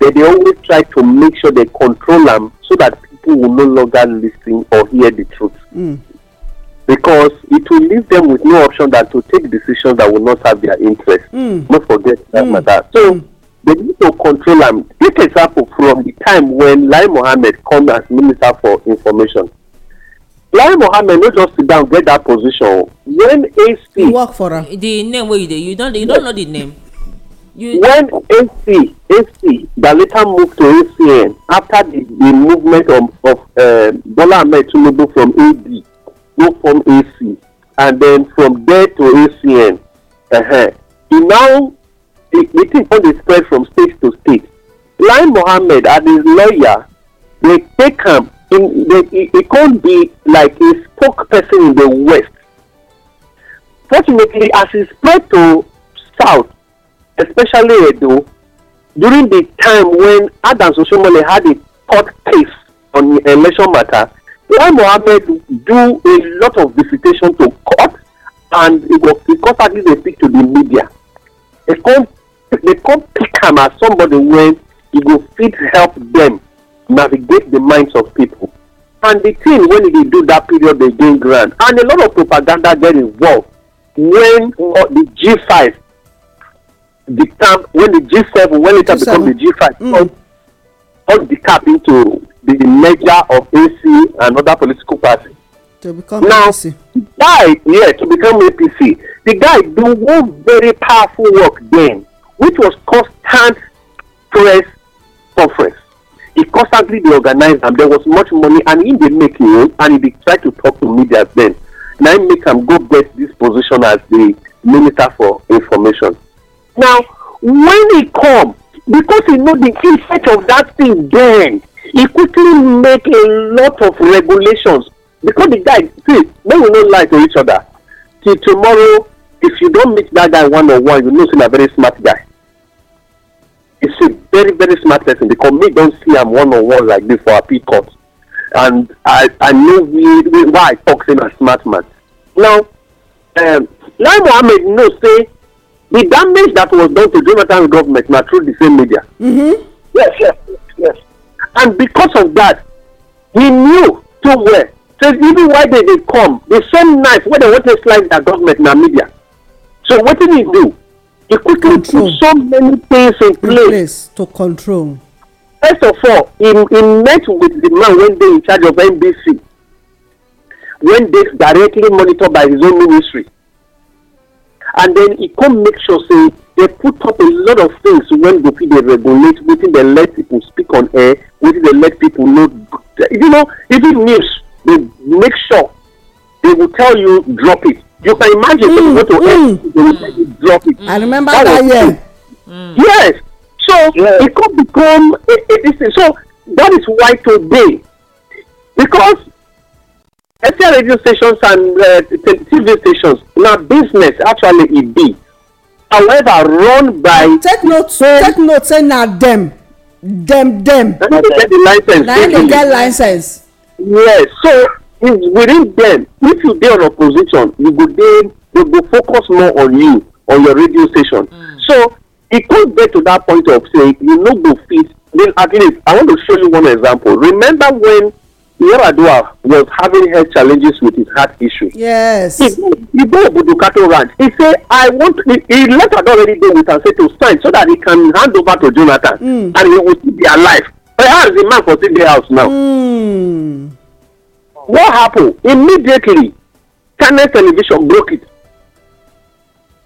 that they always try to make sure they control them so that people will no longer listen or hear the truth. Mm. Because it will leave them with no option than to take decisions that will not serve their interest. Mm. Not forget that mm. matter. So hmm. they need to control them. Take example from the time when Lai Mohammed come as Minister for Information lai mohammed no just sit down get that position when ac work for am the name wey you dey you don know the name you when ac ac that later move to acn after the the movement of of eh, bola ahmed tinubu from ad go from ac and then from there to acn uh-huh. He now the the thing the spread from state to state lai mohammed and his lawyer they take him in the, he, he can't be like a spokesperson in the West. Fortunately, as he spread to South, especially Edo, during the time when Adams Oshomole had a court case on the election matter, Lai Mohammed do a lot of visitation to court and he was because he constantly dey speak to the media. They can't, they can't pick him as somebody when e will fit help them navigate the minds of people and the thing when they do that period they gain grand, and a lot of propaganda get involved when uh, the g5 become when the g7 when it has become the g5 mm. all, all decap into the, the merger of ac and other political parties to become now, APC. Guy, yeah, to become APC. The guy do one very powerful work then, which was constant press conference. He constantly dey organize am. There was much money and he dey make it, own and he dey try to talk to media then. Na him make am go get this position as the minister for information. Now when he come because he know the effect of that thing then he quickly make a lot of regulations because the guy see make we no lie to each other till tomorrow if you don meet that guy one on one you know say na very smart guy you see very very smart person because me don see am one on one like this for appeal court and i i know why i talk say na smart man now um, lai mohammed know say the damage that was done to jonathan government na through the same media. Mm-hmm. yes yes yes and because of that he knew too well say so even why they dey come the same knife wey dem wan take slice their government na media so wetin he do he quickly control. put so many things in place, place to control. First of all, he, he met with the man when they in charge of NBC, when they directly monitored by his own ministry. And then he come make sure say they put up a lot of things when Gopi they regulate, waiting they let people speak on air, waiting they let people know. You know, even news, they make sure they will tell you drop it. You can imagine mm, if to mm, block mm. it. I remember that, that year. Mm. Yes. So yeah. it could become a, a distance. So that is why today, because SL radio stations and uh, TV stations, now business actually it e be. However, run by. Take notes. so, take notes say na them. Them. Them. Na dem get the license. Na dem get license. Yes. So is within them, if you dey on opposition you go dey they go focus more on you on your radio station hmm. so e come get to that point of say you no go fit then at least i want to show you one example remember when Yar'Adua was having health challenges with his heart issue. Yes. He, he go Obudukato Ranch. He say, I want, he, he let Ado already go with and say to sign so that he can hand over to Jonathan mm. and he will still be alive. Perhaps the man for still the house now. Mm what happened? Immediately, Channel Television broke it.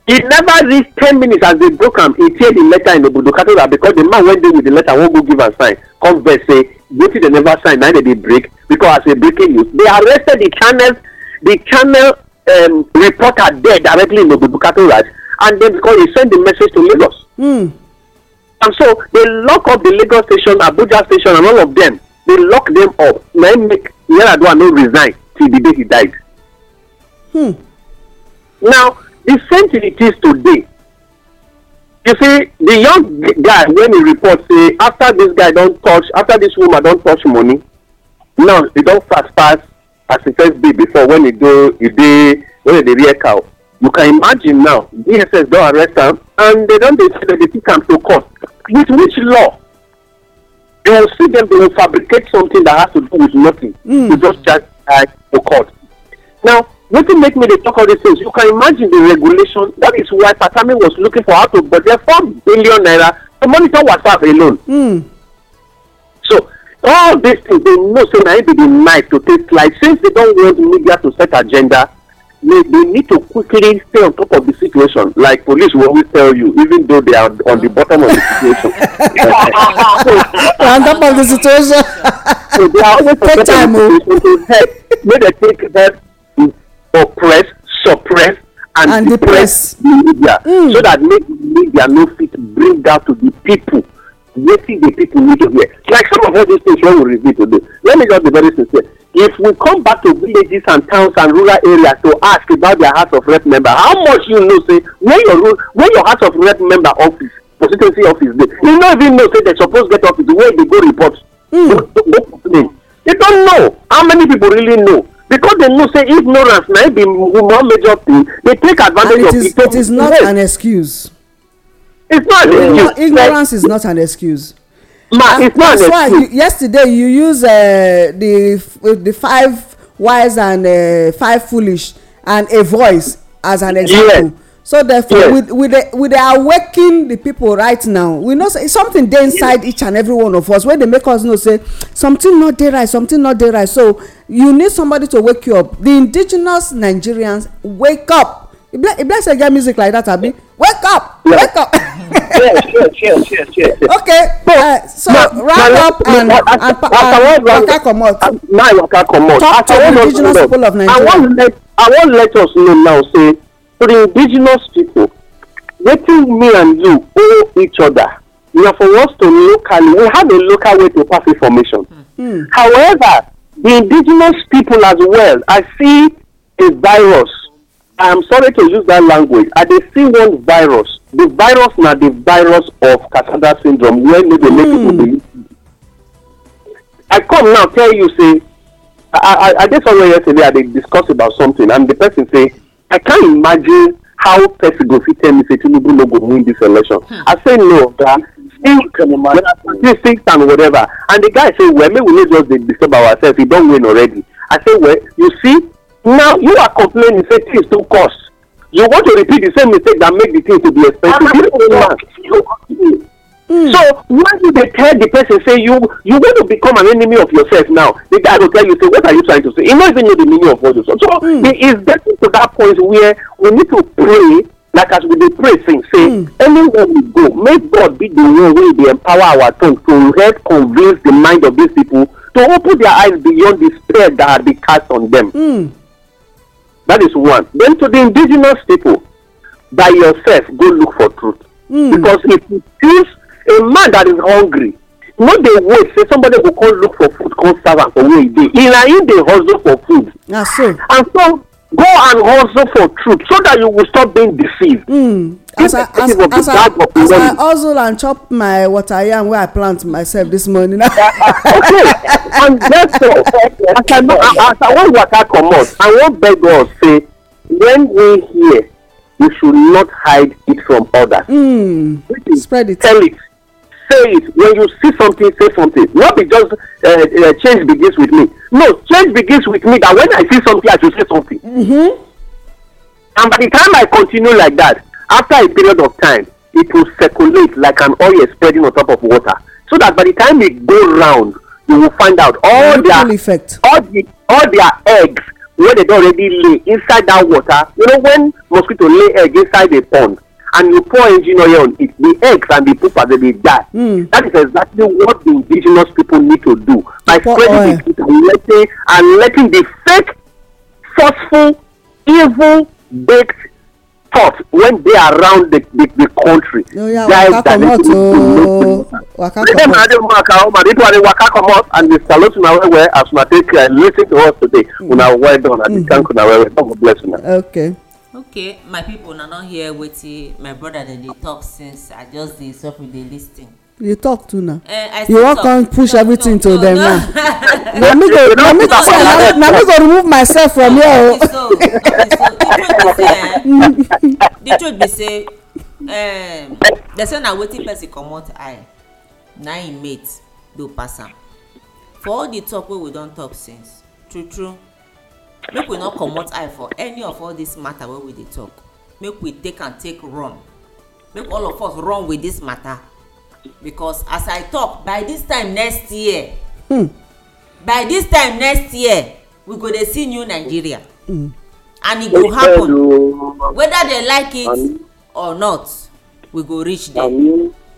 It never reached ten minutes as they broke am. He tear the letter in Obodo Cathedral because the man went there with the letter wan go give am sign. Come vex say, wetin dem never sign na dey dey break because as a breaking news. They arrested the channel the channel um, reporter there directly in Obodo Cathedral and then because he send the message to Lagos. Mm. And so they lock up the Lagos station, Abuja station and all of them. They lock them up. Na make Yar'Adua no resign till the day he died. Hmm. Now, the same thing it is today. You see, the young guy, when he reports say, after this guy don't touch, after this woman don't touch money, now he don't fast pass as he first be before when he do, he dey, when he rear cow. You can imagine now, DSS don't arrest him, and they don't dey that they take am to court. With which law? they will see them, they will fabricate something that has to do with nothing mm. to just charge uh, the court. Now, wetin make me dey talk all these things you can imagine the regulation that is why patami was looking for how to budget four billion naira to monitor whatsapp alone. Mm. so all these things they know say na it be the knife to take slice since they don't want media to set agenda may they need to quickly stay on top of the situation like police will always tell you even though they are on the bottom of the situation. so, on top of the situation. so they are always take time o. Oh. make they take that to oppress suppress and, and depress, depress the media mm. so that make media no fit bring that to the people wetin the people need to hear. Like some of all these things wey we review today. Let me just be very sincere. If we come back to villages and towns and rural areas to ask about their House of Rep member, how much you know say when your when your House of Rep member office constituency office dey, you no even know say they suppose get office where they go report. Mm. Go, they don't know how many people really know because they know say ignorance na be one major thing they take advantage and it of is, it. is not an excuse it's not an excuse. ignorance is not an excuse. ma it's not an excuse. yesterday you use uh, the the five wise and uh, five foolish and a voice as an example. Yes. so therefore yes. with with the with the awaken the people right now we know say something dey inside yes. each and every one of us where they make us know say something not dey right something not dey right so you need somebody to wake you up the indigenous nigerians wake up e bless a bless music like that abi wake up yeah. wake up. yes, yes, yes, yes, yes, Okay, but, uh, so wrap round ma, up and waka comot. Now waka comot. Talk to the indigenous people of Nigeria. I wan let I wan let us know now say to the indigenous people wetin me and you owe each other na for us to locally we have a local way to pass information. Mm. However, the indigenous people as well I see a virus. I am sorry to use that language. I dey see one virus the virus na the virus of cassandra syndrome where no dey make people hmm. believe i come now tell you say i i dey somewhere yesterday i dey discuss about something and the person say i can't imagine how person go fit tell me say tinubu no go win this election hmm. i say no oga still think and whatever and the guy say well make we no just dey disturb ourselves He don win already i say well you see now you are complaining say things too cost you want to repeat the same mistake that make the thing to be expensive this old man Mm. so when you dey tell the person say you you want to become an enemy of yourself now the guy go tell you say what are you trying to say he no even know the meaning of what you say. so mm. it is getting to that point where we need to pray like as we dey pray since say mm. anywhere we go make god be the one wey dey empower our tongue to help convince the mind of these people to open their eyes beyond the spread that had been cast on them. Mm. That is one. Then to the indigenous people, by yourself, go look for truth. Mm. Because if you choose a man that is hungry, no dey wait say somebody go come look for food come serve am for where e dey. Na him dey hustle for food. Na so. And so go and hustle for truth so that you will stop being deceived. Mm. as i as, as i as i hustle and chop my water yam wey i plant myself this morning. okay and therefore as i no as i wan waka comot i wan beg God. say when we hear we should not hide it from others. Mm. spread it tell it say it when you see something say something not be just uh, uh, change begins with me no change begins with me that when i see something i should say something. Mm -hmm. and by the time i continue like that after a period of time it will circulate like an oil spreading on top of water so that by the time it go round you will find out all the their effect. all the all their eggs wey dem don already lay inside that water you know when mosquito lay egg inside a pond and you pour engine oil on it, the eggs and the pupas they will die. Mm. That is exactly what the indigenous people need to do by spreading the truth and letting, and letting the fake, forceful, evil, baked thought when they are around the the, the country. oya waka comot ooo oh. waka comot. ndeyẹ adi maka ọma nipa ni waka comot and dey salute una well well as una take care uh, and lis ten to us today hmm. una well done and hmm. thank una well well God bless una. okay okay my people na don hear wetin my brother dem dey talk since i just dey suffer dey lis ten. you talk too now uh, eh, you wan come push no, everything no, to no, them no. now na me go na me go say na me go remove myself from here oh. o. the truth be say eh say um, eh, dem say na wetin person comot eye na im mate do pass am for all the talk wey we don talk since true true make we no comot eye for any of all this matter wey we dey talk make we take am take run make all of us run with this matter because as i talk by this time next year hmm. by this time next year we go dey see new nigeria hmm. and e go happen oh. whether they like it or not we go reach there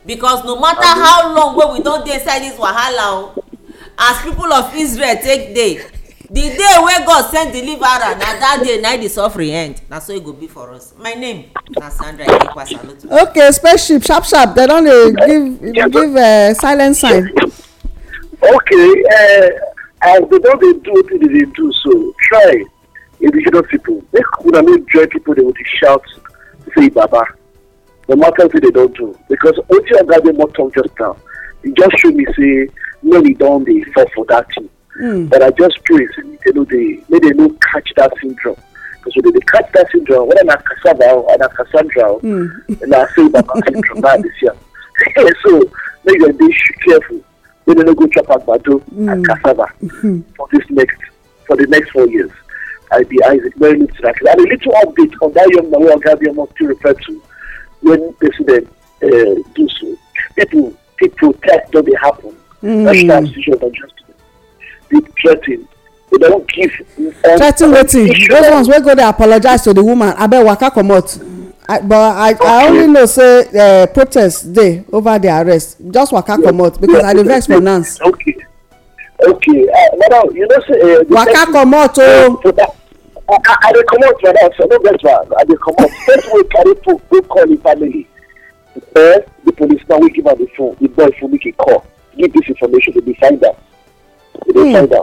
because no matter how long wey we don dey inside this wahala o oh, as people of israel take dey the day wey god send deliverer na that day na the suffering end na so e go be for us my name na sandra ikekwa salutu. okay spaceship sharp sharp dem don dey eh, give give uh, silent sign. okay uh, as dem don dey do wetin dem dey do so try indigenous people make una no join people dey dey shout say baba no matter wetin dem don do because wetin oga dey more talk just now e just show me say many don dey fall for that thing Mm. But I just pray, you know, they may they no catch that syndrome. Because when they catch that syndrome, whether na cassava or na Cassandra, mm. and I say about syndrome now this year. so make them be careful. They don't go chop at Badu mm. and cassava mm-hmm. for this next for the next four years. I'll be Isaac very little And a little update on that young man who Gabi Amok to refer to when President uh, do so. People people protest don't they happen. Mm. National Institution of Justice big threaten they don give. Um, threaten wetin those ones wey go dey apologize to the woman abeg waka comot but i i only know say eh, protest dey over di arrest just waka comot because i dey vex for nance. okay okay madam uh, uh, you know say. Eh, waka comot eh, o. Oh. i dey comot madam so no vex ma i dey comot first wey carry phone go call im family prepare the policeman wey give am the phone the boy phone make a call give this information to the finder. Hmm. Hmm.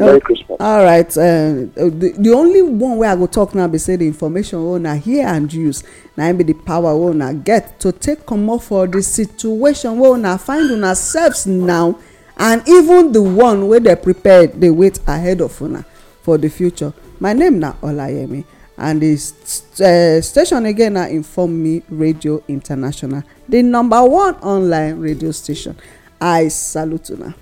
Oh, all right. Um, the, the only one way I go talk now be say the information owner here and use na be the power owner get to take comot for the situation wey una find una selves now and even the one wey dey prepared dey wait ahead of una for the future. My name na Olayemi and the st uh, station again na Inform Me Radio International, the number one online radio station i salute